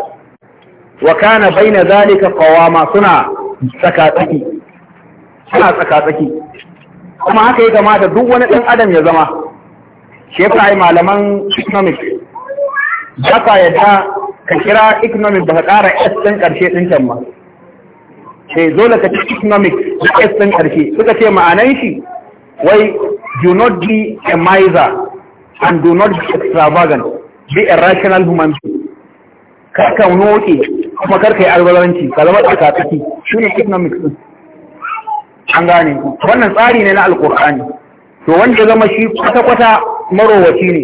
wa kana na zalika qawama suna tsakatsaki suna tsakatsaki kuma haka ya kamata duk wani ɗan adam ya zama shi yasa malaman economic ba ka yadda ka kira economic ba ka ƙara s ɗin ƙarshe ɗin can ba sai dole ka ci economic da s ɗin ƙarshe suka ce ma'anan shi wai do not be a miser and do not be extravagant be a rational human being karka noke kuma karka yi albalanci ka zama tsakatsaki shi ne economic ɗin an gane ku wannan tsari ne na alkur'ani to wanda zama shi kwata-kwata marowaci ne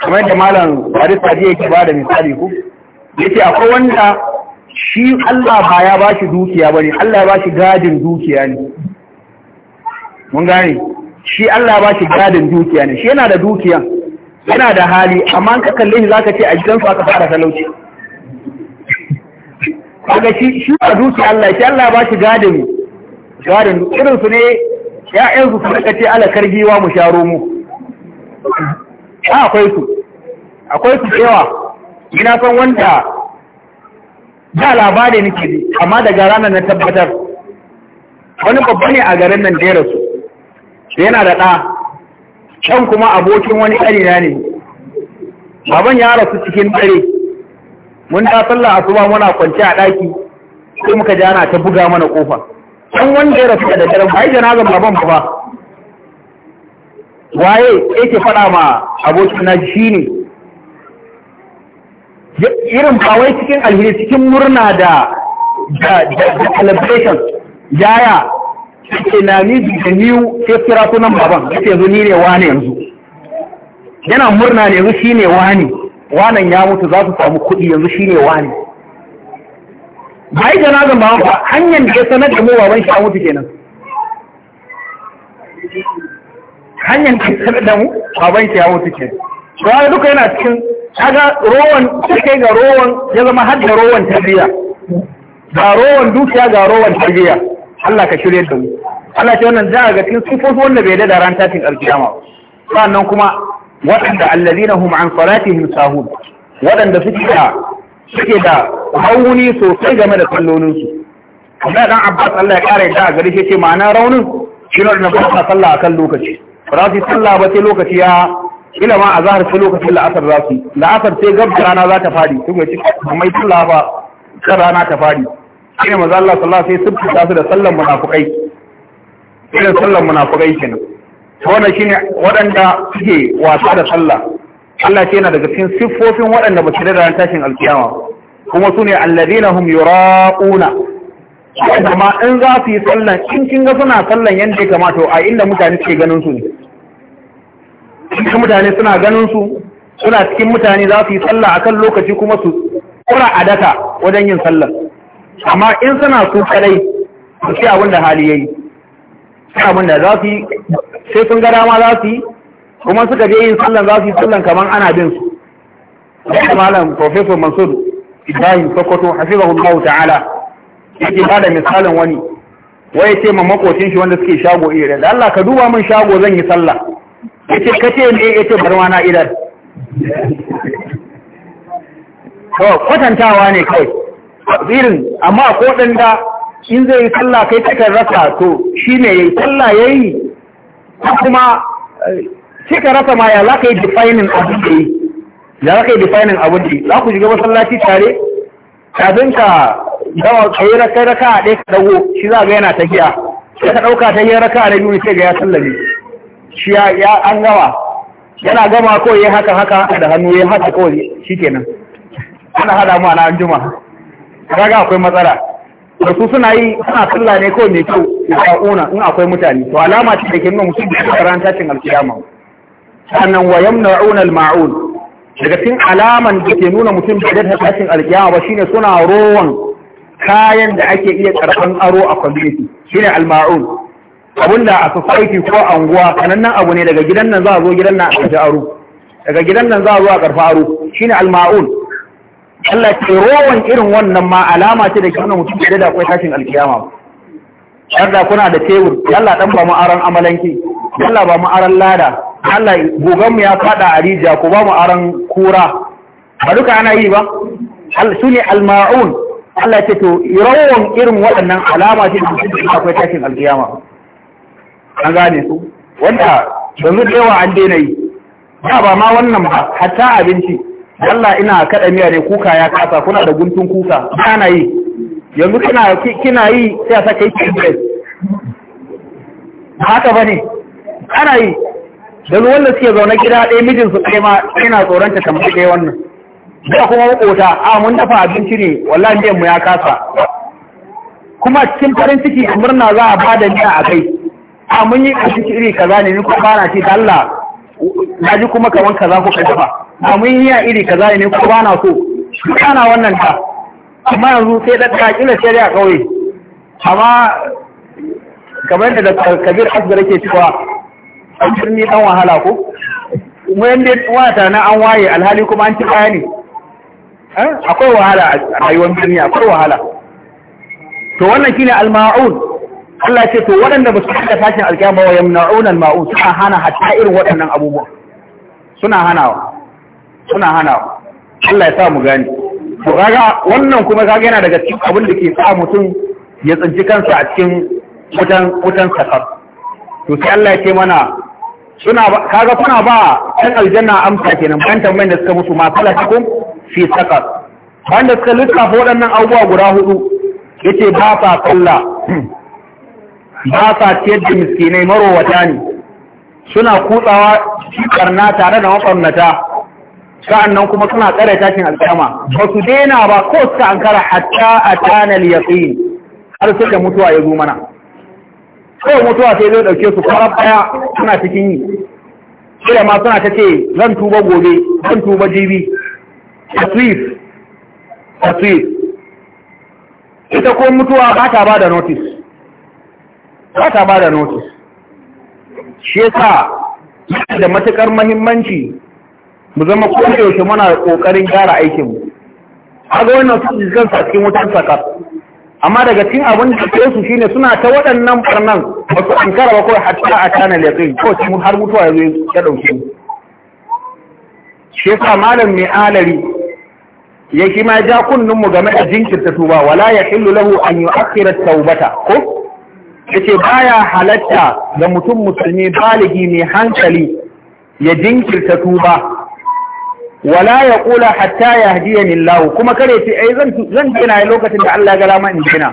kamar da malam Faris Sadi yake ba da misali ku yace akwai wanda shi Allah ba ya bashi dukiya ba ne, Allah ya bashi gadin dukiya ne mun gane shi Allah ya bashi gadin dukiya ne shi yana da dukiya yana da hali amma ka kalle shi zaka ce a gidan su aka fara talauci kaga shi shi ba dukiya Allah shi Allah ya bashi gadin gadon irinsu ne ‘ya'yansu su rika ce alakar giwa mu sharo mu akwai su akwai su cewa ina san wanda da labari nake ji amma daga ranar na tabbatar wani babba ne a garin nan da su yana da ɗa can kuma abokin wani ƙarina ne baban ya rasu cikin dare mun ta sallah asuba muna kwance a ɗaki sai muka jana ta buga mana ƙofa ɗan wanda ya rasu da daddare ba yi janazan baban ba waye yake faɗa ma abokin na shi ne irin kawai cikin alhiri cikin murna da celebration yaya ke na da niyu sai kira sunan baban ya ce zuni ne wane yanzu yana murna ne yanzu shi ne wani wanan ya mutu za su samu kuɗi yanzu shi ne wani ba yi janazan ba ba hanyar da ya sanar da mu baban shi a mutu kenan hanyar da ya sanar da mu baban shi a mutu kenan ba duka yana cikin kaga rowan suke ga rowan ya zama har da rowan tarbiyya ga rowan dukiya ga rowan tarbiyya Allah ka shirye da mu Allah ce wannan za ga cikin sufofi wanda bai da ran tashin alkiyama sannan kuma waɗanda allazina hum an salatihim sahun waɗanda suke a suke da rauni sosai game da sallolinsu da dan abbas Allah ya kare da a gari shi ce ma'ana raunin shi ne na ba sallah akan lokaci ba su sallah ba sai lokaci ya ila ma a zahar sai lokacin la'asar za su la'asar sai gab da rana za ta fadi sun ga cikin mai sallah ba kan rana ta fadi shi ne maza Allah sallah sai sun fita su da sallan munafukai irin sallan munafukai kenan wannan ne waɗanda suke wasa da sallah Allah ce yana daga cikin siffofin waɗanda ba su da ran tashin alkiyama kuma su ne alladina hum yuraquna amma in za su yi sallan in kin ga suna sallan yadda ya kamata a inda mutane ke ganin su ne mutane suna ganin su suna cikin mutane za su yi a akan lokaci kuma su kura a daka wajen yin sallah amma in suna su kadai su ce abin da hali yayi sai abin da za su yi sai sun ga dama za su yi kuma suka je yin sallan za su yi sallan kamar ana bin su da malam professor mansur ibrahim sokoto allah ta'ala yake bada misalin wani waye ce ma makocin shi wanda suke shago iri? da Allah ka duba min shago zan yi sallah yace kace ne yace barwa na idan to kwatantawa ne kai irin amma ko dan da in zai yi sallah kai take rasa to shine yayi sallah yayi kuma sai ka rasa ma ya za ka yi defining abin da yi ya za ka yi defining abin da yi za ku shiga masallaci tare kafin ka gama kai raka raka a ɗaya ka dago shi za ga yana tafiya sai ka ɗauka ta yi raka na biyu sai ga ya sallame shi ya an gama yana gama ko ya haka haka da hannu ya haka kawai shi kenan ana hada mu ana anjuma kaga akwai matsala da su suna yi suna sallah ne kawai mai kyau ya sa'una in akwai mutane to alama ce da ke nuna musulmi da karanta cin alkiyama sannan wa yamna'una al-ma'un daga cikin alaman da ke nuna mutum da da tashin alkiyama ba shine suna rowan kayan da ake iya karfan aro a community shine al-ma'un abinda a society ko anguwa sanannen abu ne daga gidan nan za a zo gidan nan a karfi aro daga gidan nan za a zo a karfi aro shine al-ma'un Allah ke rowan irin wannan ma alama ce da ke nuna mutum da da akwai tashin alkiyama har da kuna da tebur yalla dan ba mu aran amalanki yalla ba mu aran lada Allah gogonmu ya fada a rijiya ko ba mu aran kura ba duka ana yi ba su ne alma'un Allah ce to rawan irin waɗannan alama ce da akwai tashin alƙiyama an gane su wanda yanzu da yawa an daina yi ba ba ma wannan ba hatta abinci Allah ina kaɗa miya ne kuka ya kasa kuna da guntun kuka kana yi yanzu kina kina yi sai a saka yi haka bane ana yi don wanda suke zaune gida ɗaya mijinsu ɗaya ma yana tsoron ta tambayi ɗaya wannan da kuma makota a mun dafa abinci ne wallahi jiyan mu ya kasa kuma cikin farin ciki da murna za a bada miya a kai a mun yi abinci iri kaza ne ni kuma bana ce da Allah na ji kuma kaman kaza ko ka dafa a mun yi iri kaza ne kuma bana so duk ana wannan ta amma yanzu sai da ta kila sai da kauye amma kamar da kabir asbar ke cewa an birni an wahala ko wanda wata na an waye alhali kuma an ci kaya ne eh, akwai wahala a rayuwar birni akwai wahala to wannan shine al-ma'un Allah ce to waɗanda ba su haɗa tashin alƙiyama wa yamna'un al-ma'un suna hana hatta irin waɗannan abubuwa suna hanawa suna hanawa Allah ya sa mu gani to kaga wannan kuma kaga yana daga cikin abin da ke sa mutum ya tsinci kansa a cikin wutan wutan sakar to sai Allah ya ce mana suna kaga kuna ba ɗan aljanna amsa kenan bayan tambayin da suka musu ma salatakum fi sakar bayan da suka lissafa waɗannan abubuwa guda hudu yace ba sa sallah ba sa ciyar da miskinai marowata ne suna kutsawa karna tare da mafarnata sa'annan kuma suna tsare tashin alkama ba su daina ba ko suka ankara hatta a tanar yaƙi har sai da mutuwa ya zo mana kawai mutuwa sai zai dauke su kwarar ɗaya suna cikin yi da ma suna ta ce zan tuba gobe zan tuba jibi A a swiss ita kuma mutuwa ba ta ba da notice ba ta ba da notice shi yasa da matukar mahimmanci mu zama shi muna kokarin gyara aikinmu a ga wannan sun kansa cikin wutar sakar amma daga cikin abin da ke su shine suna ta waɗannan barnan ba su an kara ba kawai hatta a kana lekai ko su har mutuwa ya zo ya ɗauki shi yasa malam mai alari ya shi ma ja kunnun mu game da jinkirta tuba wala ya hillu lahu an yi yu'akhkhira taubata ko Ya yace baya halatta ga mutum musulmi baligi mai hankali ya jinkirta tuba wala ya kula hatta ya hadiya nillahu kuma kare ce ai zan zan gina lokacin da Allah ya gara man gina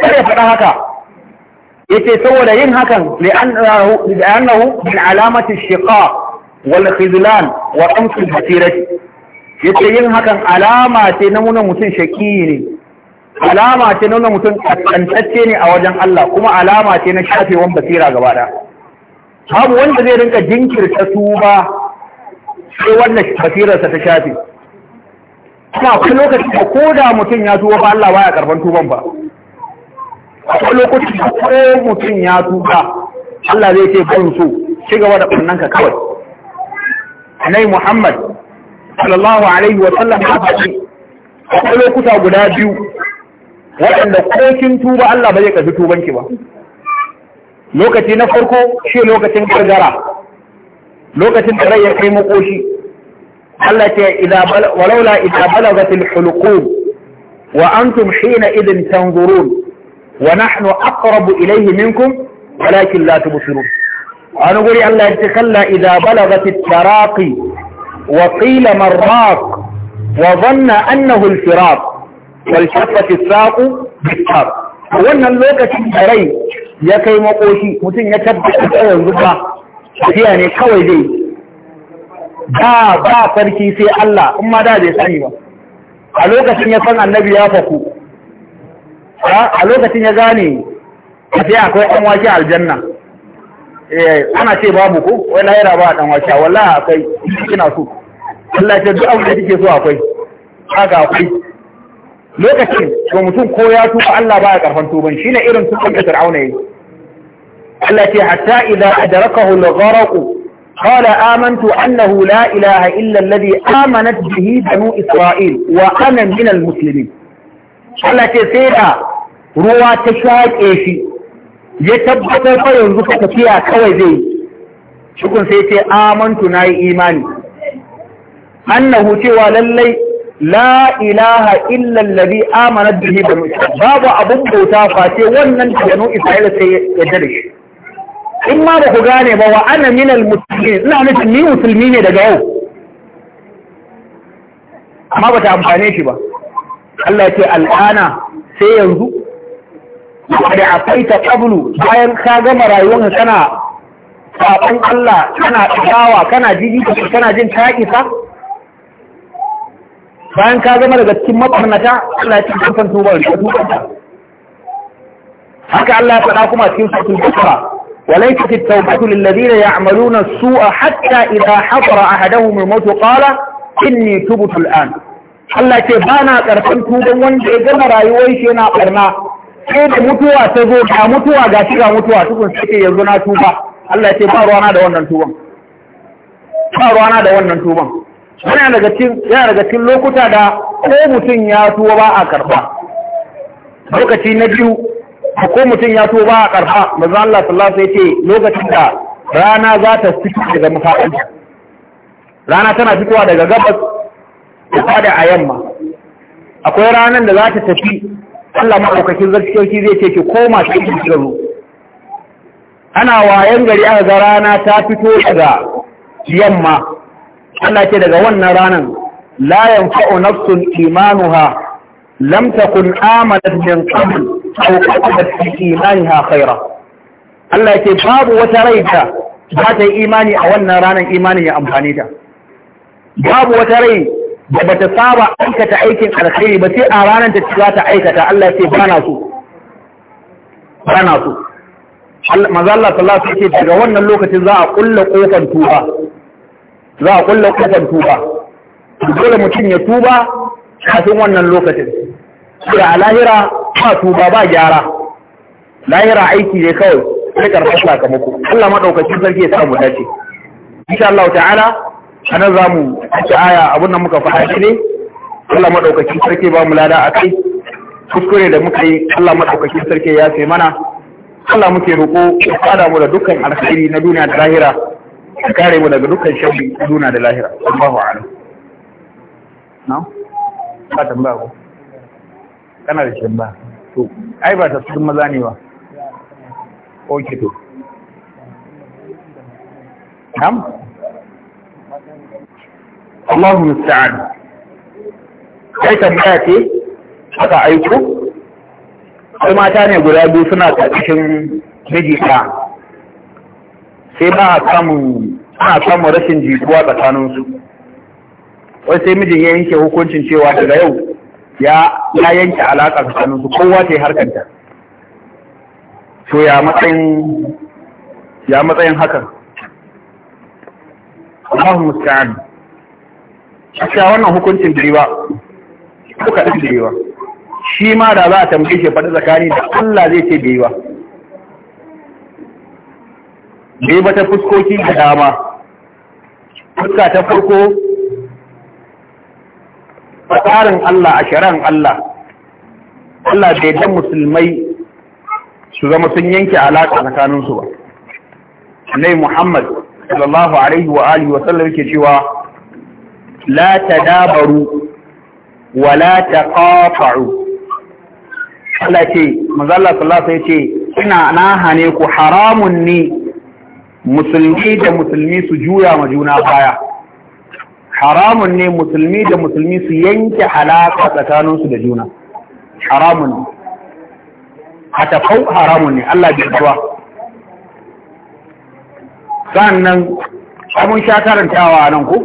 kare faɗa haka yace saboda yin hakan li annahu li annahu min alamati shiqaq wal khizlan wa qamtu basirati yace yin hakan alama ce na nuna mutum shaki ne alama ce na nuna mutum kaskantacce ne a wajen Allah kuma alama ce na shafewan basira gaba ɗaya babu wanda zai rinka jinkirta tuba sai wannan basirarsa ta shafe kuma akwai lokaci da ko da mutum ya tuba ba Allah baya karban tuban ba akwai lokaci da ko mutum ya tuba Allah zai ce ban so ci gaba da ɓannan ka kawai nai Muhammad sallallahu alaihi wa sallam ya faɗi akwai lokuta guda biyu waɗanda ko kin tuba Allah ba zai karbi tubanki ba lokaci na farko shi lokacin gargara لوكتين تريا كي مقوشي حلتي إذا بل... ولولا إذا بلغت الحلقوب وأنتم حينئذ تنظرون ونحن أقرب إليه منكم ولكن لا تبصرون أنا أقول الله اتخلى إذا بلغت التراقي وقيل مراق وظن أنه الفراق والشفة الساق بالطار وأن اللوكة تريا يا كي مقوشي متين يتبع الأول tafiya ne kawai zai da ba sarki sai Allah in ma da bai sani ba a lokacin ya san annabi ya faku a lokacin ya gane tafiya akwai ɗan wake aljanna eh, ana ce babu ko wai lahira ba ɗan wake wallahi akwai kina so Allah ce duk abin da kike so akwai haka akwai lokacin ko mutum ko ya tuba Allah ba ya karfan tuban shine irin tuban da Fir'auna yake التي حتى إذا أدركه الغرق قال آمنت أنه لا إله إلا الذي آمنت به بنو إسرائيل وأنا من المسلمين التي سيدا روى تشاهد إيشي يتبقى فينزك فيها كوي زي شكرا سيتي آمنت ناي إيماني أنه تيوى للي لا إله إلا الذي آمنت به بنو إسرائيل بابا أبو بوتا فاتي ونن بنو إسرائيل سيدرش in ma ba ku gane ba wa ana minal musulmi ina nufin ni musulmi ne daga yau amma ba ta amfane shi ba Allah ce al'ana sai yanzu da kai ta ƙablu bayan ka gama rayuwar kana saɓon Allah kana tsawa kana jiji kana jin ta bayan ka gama daga cikin mabarnata Allah ce kusan tuba da tuba haka Allah ya faɗa kuma cikin suratul bakara وليست التوبة للذين يعملون السوء حتى إذا حضر أحدهم الموت قال إني تبت الآن Allah ce ba na ƙarfin tuban wanda ya gama rayuwar shi yana ƙarna sai da mutuwa ta zo ga mutuwa ga shi ga mutuwa tukun sai yanzu na tuba Allah ce ba ruwana da wannan tuban ba ruwana da wannan tuban yana daga cikin yana daga cikin lokuta da ko mutum ya tuba ba a karba lokaci na biyu ko mutum ya tuba a karfa manzo Allah sallallahu alaihi ce yace lokacin da rana za ta fito daga mafaɗin rana tana fitowa daga gabas ta fada a yamma akwai ranar da za ta tafi Allah maɗaukakin zarkiyoyi zai ce ki koma ta yi garo ana wayan gari aka ga rana ta fito daga yamma Allah ce daga wannan ranar Layan yanfa'u nafsun imanuha lam takun amanat min qabl aw qadat fi imaniha khaira Allah yake babu wata rai da za ta yi imani a wannan ranar imanin ya amfani ta babu wata rai da bata saba aikata aikin alkhairi ba sai a ranar ta ta aikata Allah yake bana su bana su manzo Allah sallallahu alaihi daga wannan lokacin za a kulla kofar tuba za a dole mutum ya tuba kafin wannan lokacin da a lahira ba tuba ba gyara lahira aiki ne kawai sai karɓar sakamako Allah maɗaukacin sarki ya samu dace insha Allah ta'ala a nan za mu ci aya abin muka faɗa shi ne Allah maɗaukacin sarki ba mu lada a kai kuskure da muka yi Allah maɗaukacin sarki ya ce mana Allah muke roƙo ya fada mu da dukkan alkhairi na duniya da lahira ya kare mu daga dukkan sharri na duniya da lahira Allahu a'lam na ba tambaya ko kana da shi ba, to ai ba ta su maza ne ba oke to nam Allahu sa'ad kai mata ce aka aiko sai mata ne guda biyu suna karkashin miji sai ba a samun ana samun rashin jituwa tsakaninsu wai sai mijin ya yanke hukuncin cewa daga yau ya ya yanke alaƙa tsakanin su kowa ta yi harkanta to ya matsayin ya matsayin haka Allahu musta'an Asha wannan hukuncin da ba kuka ɗin da ba shi ma da za a tambaye shi faɗi tsakani da Allah zai ce da ba bai ba ta fuskoki da dama fuska ta farko fasarin tsarin Allah a shari'an Allah Allah bai dan musulmai su zama sun yanke alaƙa tsakaninsu ba Annabi Muhammad sallallahu alaihi wa alihi wa sallam yake cewa la tadabaru wa la ƙafaru. Allah ce manzo Allah sallallahu alaihi ce ina na hane ku haramun ni musulmi da musulmi su juya ma juna baya haramun ne musulmi da musulmi su yanke alaƙa tsakaninsu da juna haramun ne a haramun ne Allah bai zuwa sannan abun sha karantawa nan ku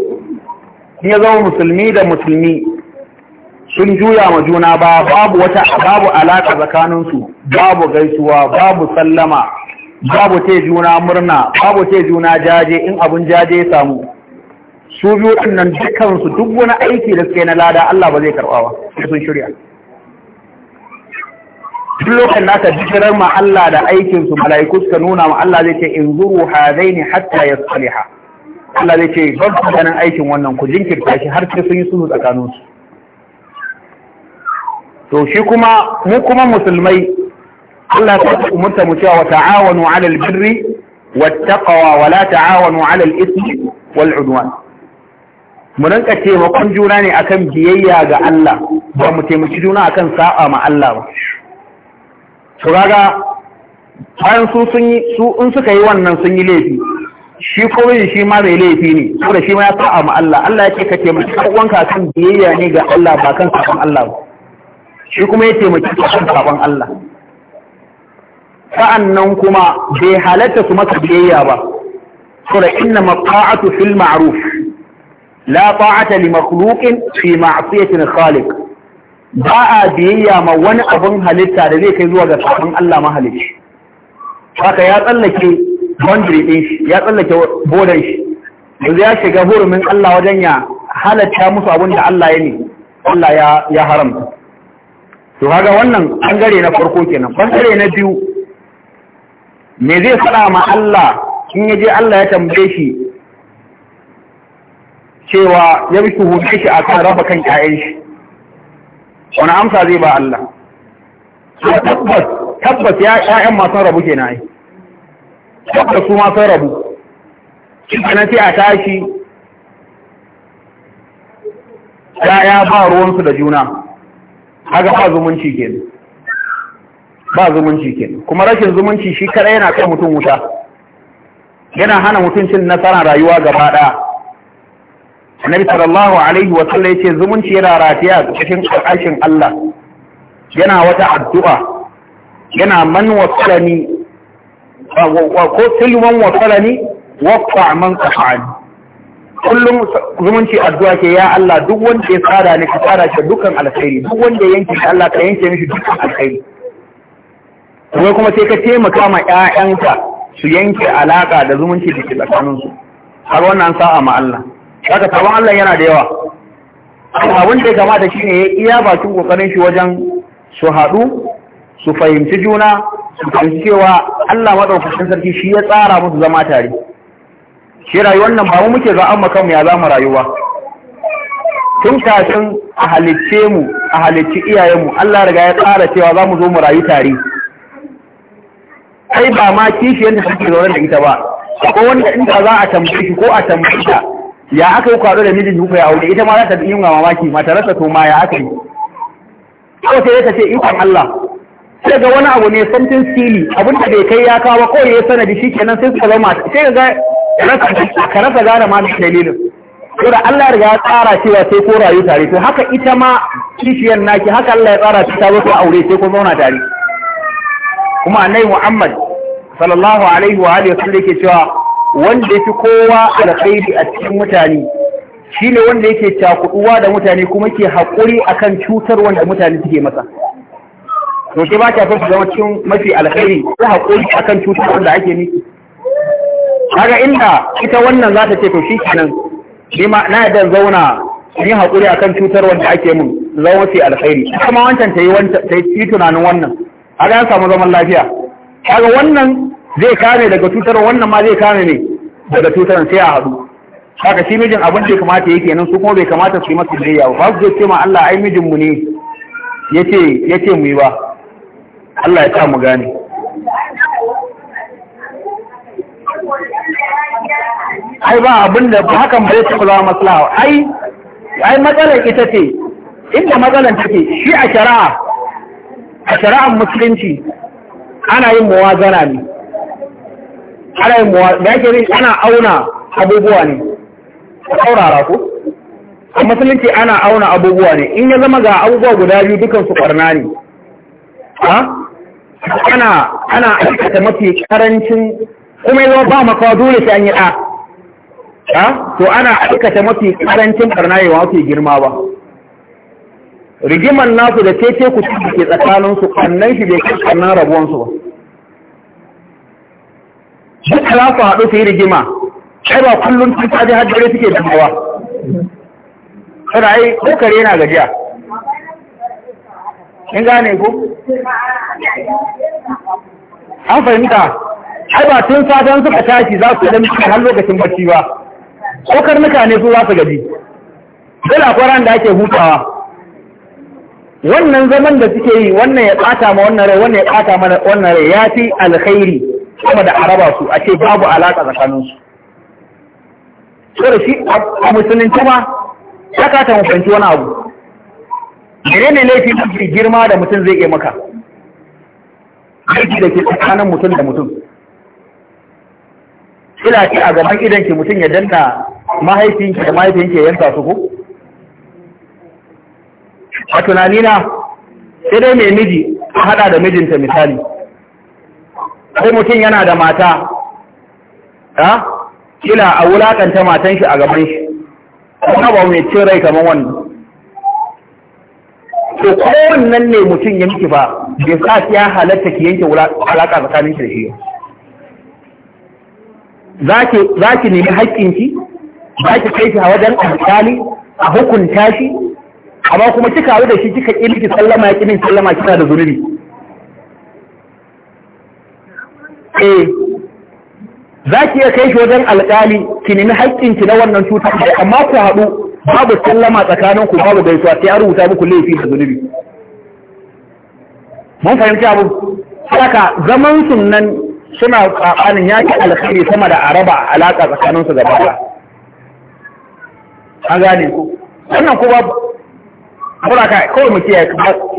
ya zama musulmi da musulmi sun juya ma juna ba babu wata babu alaka tsakaninsu babu gaisuwa babu sallama babu te juna murna babu te juna jaje in abun jaje ya samu su biyu nan dukansu duk wani aiki da suke na lada Allah ba zai karɓa ba sai sun shirya duk lokacin da aka jikirar ma Allah da aikinsu mala'iku suka nuna ma Allah zai ce in zuru hadaini hatta ya saliha Allah zai ce ban su ganin aikin wannan ku jinkirta shi har sai sun yi sulhu tsakaninsu to shi kuma mu kuma musulmai Allah ta umurta mu cewa ta'awanu 'alal birri wattaqwa wa la ta'awanu 'alal ismi wal 'udwan mu rinka taimakon juna ne akan biyayya ga Allah ba mu taimaki juna akan sa'a ma Allah ba bayan su sun yi su in suka yi wannan sun yi laifi shi ko yin shi ma mai laifi ne saboda shi ma ya sa'a ma Allah Allah ya ce ka taimaki ɗan uwanka akan biyayya ne ga Allah ba kan saban Allah ba shi kuma ya taimaki kan saban Allah sa'annan kuma bai halatta su maka biyayya ba saboda inna mata'atu fil ma'ruf la ta'ata li makhluqin fi ma'siyatin khaliq ba a biyayya ma wani abin halitta da zai kai zuwa ga sabon Allah mahalicci haka ya tsallake boundary din shi ya tsallake border shi yanzu ya shiga hurumin Allah wajen ya halatta musu abin da Allah ya ne Allah ya ya haramta to kaga wannan bangare na farko kenan bangare na biyu me zai fada ma Allah in yaje Allah ya tambaye shi cewa ya bi shuhude shi a kan raba kan ƴaƴan shi wani amsa zai ba Allah A tabbas tabbas ƴaƴan ma sun rabu kenan ai tabbas su ma sun rabu kenan sai a tashi ƴaƴa ba ruwansu da juna Haga ba zumunci kenan ba zumunci kenan kuma rashin zumunci shi kadai yana kai mutum wuta yana hana mutum cin nasara rayuwa gaba ɗaya annabi sallallahu alaihi wa sallam yace zumunci yana rafiya cikin karkashin Allah yana wata addu'a yana man wasalani wa ko silman wasalani waqfa man qafani kullum zumunci addu'a ke ya Allah duk wanda ya tsara ni ka tsara shi dukkan alkhairi duk wanda ya yanke shi Allah ka yanke mishi dukkan alkhairi kuma kuma sai ka taimaka ma ƴaƴanka su yanke alaka da zumunci da ke tsakanin har wannan sa'a ma Allah saka sabon Allah yana da yawa abin da ya kamata shi ne iya bakin kokarin shi wajen su haɗu su fahimci juna su fahimci cewa Allah maɗaukacin sarki shi ya tsara musu zama tare shi rayuwar nan ba mu muke za amma makamu ya zama rayuwa tun kafin a halicce mu a halicci iyayenmu Allah riga ya tsara cewa za mu zo mu rayu tare kai ba ma kishiyar da suke zaune da ita ba ko wanda inda za a tambaye shi ko a tambaye ta ya aka yi kwado da mijin kuka ya aure ita ma za ta yi wa mamaki matarsa to ma ya aka yi kawai sai ta ce ikon Allah sai ga wani abu ne something silly abin da bai kai ya kawo ko ya sanadi kenan sai suka zama sai ga ka rasa gane ma da dalilin to da Allah ya riga ya tsara cewa sai ko rayu tare to haka ita ma kishiyar naki haka Allah ya tsara ta zo ta aure sai ko zauna tare kuma annabi Muhammad sallallahu alaihi wa alihi wasallam yake cewa wanda fi kowa alkhairi a cikin mutane shi ne wanda yake cakuduwa da mutane kuma ke haƙuri akan cutar wanda mutane suke masa to ke ba ta fi zama cikin mafi alkhairi ko haƙuri akan cutar wanda ake miki kaga inda ita wannan za ta ce to kenan ni ma na yadda zauna ni haƙuri akan cutar wanda ake mun zama mafi alkhairi kuma wancan ta yi ta yi tunanin wannan kaga ya samu zaman lafiya kaga wannan zai kame daga cutar wannan ma zai kame ne daga cutar sai a haɗu haka shi mijin abin da kamata yake nan su kuma bai kamata su yi masa biyayya ba ba su ce ma Allah ai mijin mu ne yace yace mu yi ba Allah ya sa mu gane ai ba abin da hakan ba zai taɓa zama maslaha ai ai matsalar ita ce inda matsalar take shi a shari'a a shari'ar musulunci ana yin muwazana ne ana yin muwa da yake rin ana auna abubuwa ne a saurara ku a musulunci ana auna abubuwa ne in ya zama ga abubuwa guda biyu dukan su ƙwarna ne ha ana ana aikata mafi karancin kuma ya zama ba makawa dole sai an yi ɗa ha to ana aikata mafi karancin ƙwarna ne mafi girma ba rigiman nasu da tece ku ke tsakaninsu kannan shi bai kai kannan rabuwansu ba duka za su haɗu su yi rigima kai ba kullum sun kaji har dare suke damuwa kada ai kokare yana gajiya in gane ku an fahimta ai ba tun safen suka tashi za su dan mutum har lokacin bacci ba kokar ne su za su gaji dole akwai ran da ake hutawa wannan zaman da suke yi wannan ya ɓata ma wannan rai wannan ya ɓata ma wannan rai ya fi alkhairi sama da araba su a ce babu alaƙa tsakaninsu saboda shi a musulunci ma ya kata mu fahimci wani abu Gire ne laifin ke girma da mutum zai iya maka aiki da ke tsakanin mutum da mutum ila ce a gaban idanki mutum ya danna mahaifinki da mahaifinki ya yanka su ku? a tunanina sai dai mai miji a hada da mijinta misali sai mutum yana da mata ha kila a wulakanta matan shi a gaban shi kuma ba mai cin rai kamar wannan to kowannan ne mutum ya miki ba bai sa ya halatta ki yanke alaka tsakanin shi da shi za ki nemi haƙƙinki za ki kai shi a wajen alƙali a hukunta shi amma kuma kika da shi kika ƙi miki sallama ya ƙi min sallama kina da zunubi eh za ki iya kai shi wajen alƙali ki nemi haƙƙinki na wannan cutar amma ku haɗu babu sallama tsakanin ku babu gaisuwa sai an rubuta muku laifi da zunubi mun fahimci abu haka zaman sunan suna tsakanin yaki alƙali sama da araba alaƙa tsakanin su gaba ɗaya an gane ku wannan kuma buraka kawai mu kiyaye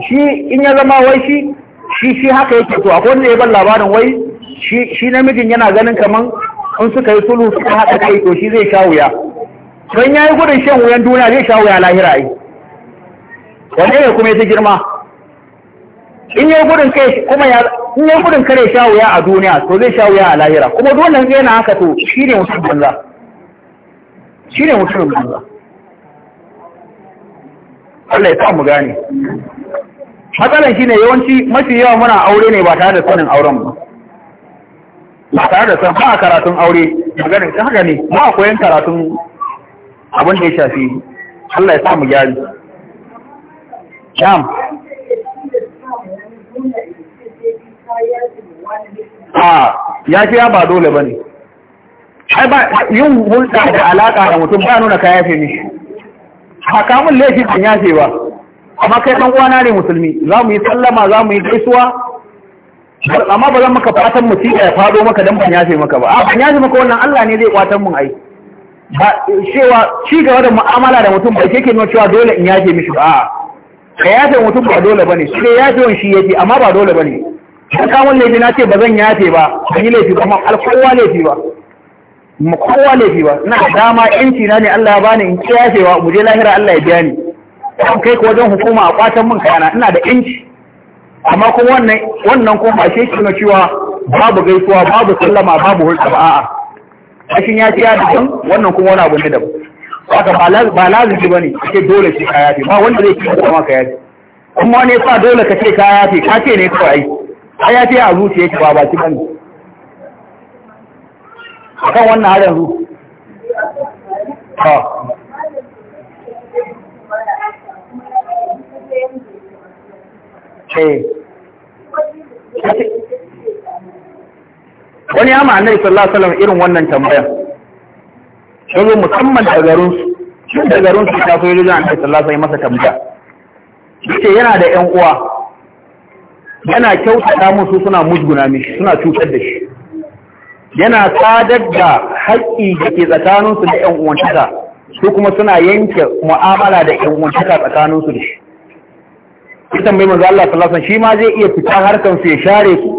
shi in ya zama wai shi shi shi haka yake to akwai wanda ya ban labarin wai shi namijin yana ganin kaman in suka yi sulhu suka haɗa kai to shi zai sha wuya don ya yi gudun shan wuyan duniya zai sha wuya lahira yi wanda ya kuma ya girma in ya gudun kai kuma ya in ya gudun kare sha wuya a duniya to zai sha wuya a lahira kuma duk wannan yana haka to shi ne mutum banza shi ne mutum banza Allah ya sa mu gane matsalan shi ne yawanci mafi yawa muna aure ne ba tare da sanin auren ba ba tare da sun ba karatun aure maganin ta haka ne ma koyan karatun abin da ya shafi Allah ya samu gyari sham a ya fiya ba dole ba ne yin hulɗa da alaƙa da mutum ba nuna kayan fi mishi haka mun laifin an yafe ba amma kai ɗan uwana ne musulmi za mu yi sallama za mu yi gaisuwa amma ba zan maka fatan musiba ya fado maka dan ban yafe maka ba a ban yafe maka wannan Allah ne zai kwatan mun ai ba cewa ci gaba da mu'amala da mutum ba yake nuna cewa dole in yafe mishi ba ka yafe mutum ba dole bane shi ne yafe shi yake amma ba dole bane kan kawon laifi na ce ba zan yafe ba ban yi laifi ba amma alkowa laifi ba mu kowa laifi ba ina dama yanci na ne Allah ya bani in yafe yafewa mu je lahira Allah ya biya ni kai ko wajen hukuma a kwatan mun kayana ina da yanci amma kuma wannan wannan kuma ba shi na cewa babu gaisuwa babu sallama babu hulɗa ba a'a cikin ya ci ya daban wannan kuma wani abu ne daban haka ba lazimi ba ne ake dole shi kaya ba wanda zai kika kuma kaya ce kuma wani sa dole ka ce kaya ce ka ce ne kawai kaya ce a zuciya ce ba ba ci bane akan wannan har yanzu Eh. wani ya ma'anar sallallahu alaihi irin wannan tambayan zo musamman da garinsu shi garinsu ta fi rijiyar annabi sallallahu alaihi masa tambaya ce yana da 'yan uwa yana kyautata musu suna musguna mishi suna cutar da shi yana sadar da haƙƙi da ke tsakaninsu da uwan uwantaka su kuma suna yanke mu'amala da ƴan uwantaka tsakaninsu da shi kitan tambayi manzo Allah sallallahu alaihi wasallam shi ma zai iya fita harkan su ya share su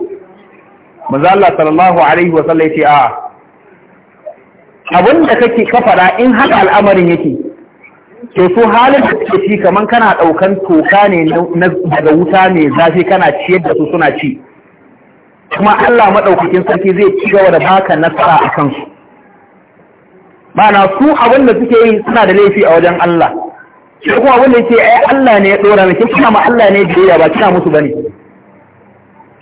manzo Allah sallallahu alaihi wasallam yace a abin da kake ka in haka al'amarin yake to so halin da kake ci kaman kana daukan toka ne daga wuta ne zafi kana ciyar da su suna ci kuma Allah madaukakin sarki zai ci gaba da baka nasara akan su na su abin da suke yi suna da laifi a wajen Allah shi kuma wanda yake ai Allah ne ya dora ne kina ma Allah ne biyayya ba kina musu bane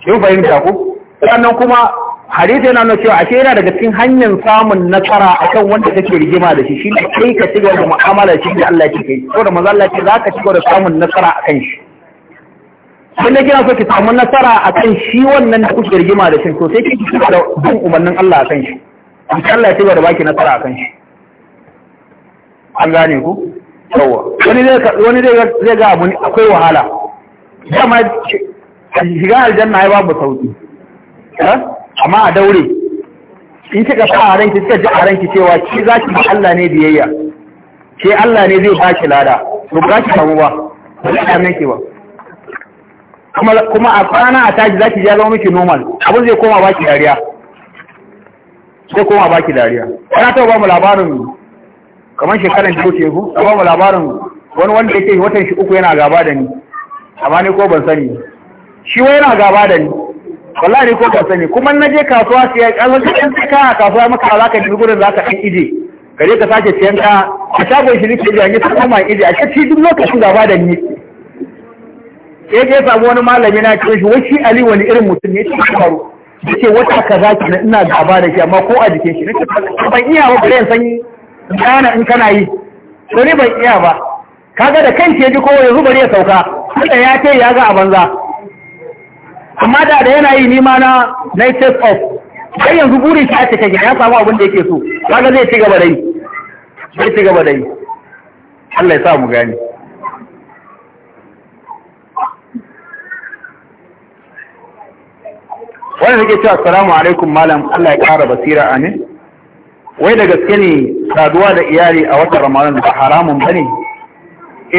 kin fahimta ko sannan kuma hadisi yana nuna cewa ashe yana daga cikin hanyar samun nasara akan wanda kake rigima da shi shine kai ka cigaba da mu'amala shi da Allah ke kai ko da manzo Allah ce zaka cigaba da samun nasara akan shi sai da kina so ki samu nasara akan shi wannan da kuke rigima da shi to sai kike shiga da bin umarnin Allah akan shi Allah ya cigaba da baki nasara akan shi an gane ku yawa wani zai ga abu akwai wahala dama shiga aljanna ya babu sauki eh? amma a daure in kika sa a ranki kika ji a ranki cewa ki za ki ma Allah ne biyayya ke Allah ne zai baki lada to ba ki samu ba ba za ki ki ba kuma a kwana a tashi za ki ja zama miki normal abin zai koma baki dariya zai koma baki dariya ana ta ba mu labarin kamar shekaran da wuce ku amma ba labarin wani wanda yake watan shi uku yana gaba da ni amma ni ko ban sani shi wai yana gaba da ni wallahi ne ko ban sani kuma na je kasuwa sai kallon ka ka a kasuwa maka alaka da gurin ka kan ije kare ka sake siyan ka a shagon shi nake da ni kuma ije a cikin duk lokacin gaba da ni sai ya samu wani malami na ce shi wai Ali wani irin mutum ne shi faru yace wata kaza ki ina gaba da shi amma ko a jikin shi nake ban iya ba bare san gana in kana yi wani ban iya ba kaga da kan ji kowa ya zubar ya sauka wanda ya ce ya ga a banza amma da da yana yi nima na night off sai yanzu burin shi a cika gina ya samu abin da yake so kaga zai ci gaba da yi zai ci gaba da yi Allah ya sa mu gani wani nake cewa assalamu alaikum malam Allah ya kara basira amin wai da gaske ne saduwa da iyali a watan ramadan ba haramun ba ne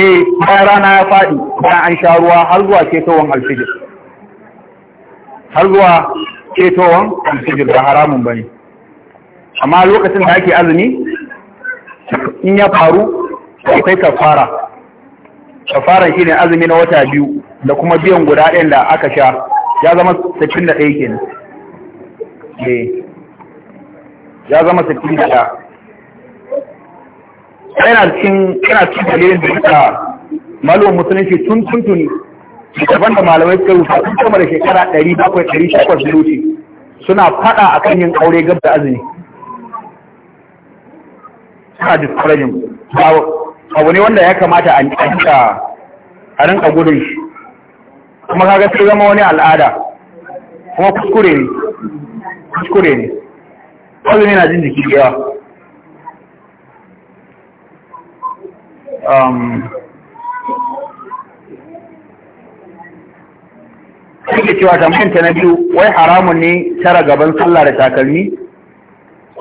eh bayan rana ya faɗi bayan an sha ruwa har zuwa ketowar alfijir har zuwa ketowar alfijir ba haramun ba ne amma lokacin da ake azumi in ya faru akwai kafara kafaran shine azumi na wata biyu da kuma biyan guda ɗayan da aka sha ya zama 61 kenan eh ya zama sakin da ya yana cikin yana cikin dalilin da suka malon musulunci tun tuntuni Shugaban da malamai suka rufa tun kama da shekara ɗari bakwai ɗari da suna faɗa a kan yin aure gab da azumi suna discouraging abu ne wanda ya kamata a rinka a rinka gudun shi kuma kaga sai zama wani al'ada kuma kuskure ne kuskure ne wajen na jin jiki da yawa suke um, cewa tambayanta na biyu wai haramun ne tara gaban sallah da takalmi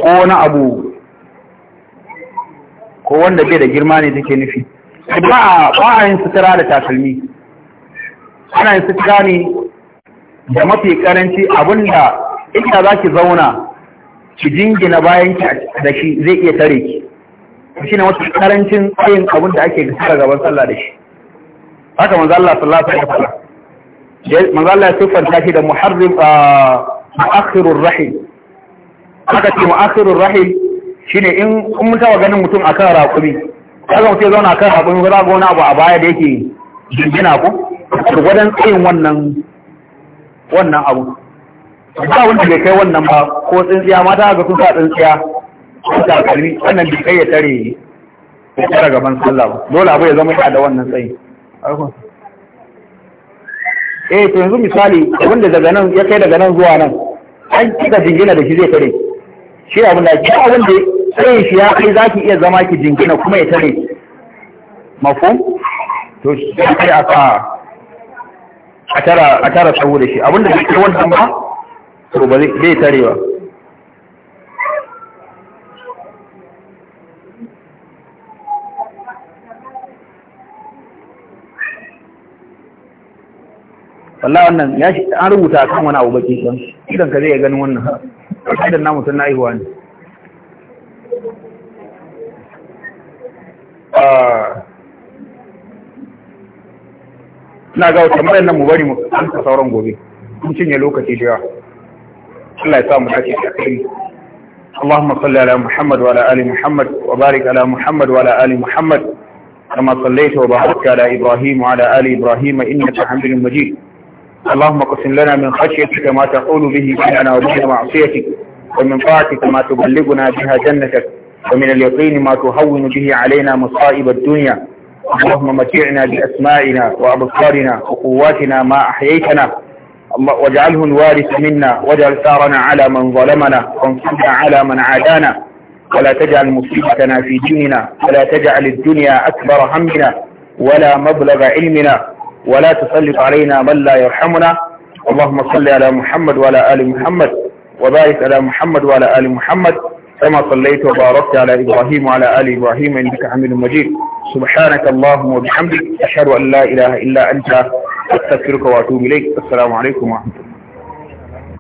ko wani abu ko wanda bai da girma ne take nufi ba a yin sutura da takalmi ana yin sutura ne da mafi karanci abinda ita za ki zauna ki jingina bayan ki da shi zai iya tare ki shi ne wasu karancin tsayin abin da ake gasa gaban sallah da shi haka manzo sallata ya fara wasallam manzo Allah ya siffanta shi da muharrim ah, mu'akhirur rahim haka ce mu'akhirur rahim shine in kun mutawa ganin mutum a kan rakumi kaga mutum ya zauna akan rakumi za ga wani abu a baya da yake jingina ko gwargwadon tsayin wannan wannan abu ba wanda bai kai wannan ba ko tsintsiya mata ga sun sa tsintsiya sun sa kalmi wannan bai kai ya tare ya tare gaban sallah ba dole abu ya zama yana da wannan tsayi eh to yanzu misali wanda daga nan ya kai daga nan zuwa nan an kika jingina da shi zai tare shi abin da ki abin da shi ya kai za ki iya zama ki jingina kuma ya tare mafhum to shi sai aka a tara a tara saboda shi abinda da ke wannan ba to ba zai tarewa wallah wannan ya shi an rubuta kan wani abu baki ɗan idan ka zai ganin wannan idan namun mutum na ihuwa ne ah. na ga wata mara nan mu bari mu an sauran gobe mun cinye lokaci shi ya Allah ya samu dace cikin Allahumma salli ala Muhammad wa ala ali Muhammad wa barik ala Muhammad wa ala ali Muhammad kama sallaita wa baraka ala Ibrahim wa ala ali Ibrahim innaka Hamidun Majid اللهم اقسم لنا من خشيتك ما تقول به بيننا وبين معصيتك ومن طاعتك ما تبلغنا بها جنتك ومن اليقين ما تهون به علينا مصائب الدنيا اللهم متعنا باسمائنا وابصارنا وقواتنا ما احييتنا واجعله الوارث منا واجعل ثارنا على من ظلمنا وانصرنا على من عادانا ولا تجعل مصيبتنا في ديننا ولا تجعل الدنيا أكبر همنا ولا مبلغ علمنا ولا تسلط علينا من لا يرحمنا اللهم صل على محمد وعلى آل محمد وبارك على محمد وعلى آل محمد كما صليت وباركت على إبراهيم وعلى آل إبراهيم إنك حميد مجيد سبحانك اللهم وبحمدك أشهد أن لا إله إلا أنت astaghfiruka wa atubu ilaik assalamu alaikum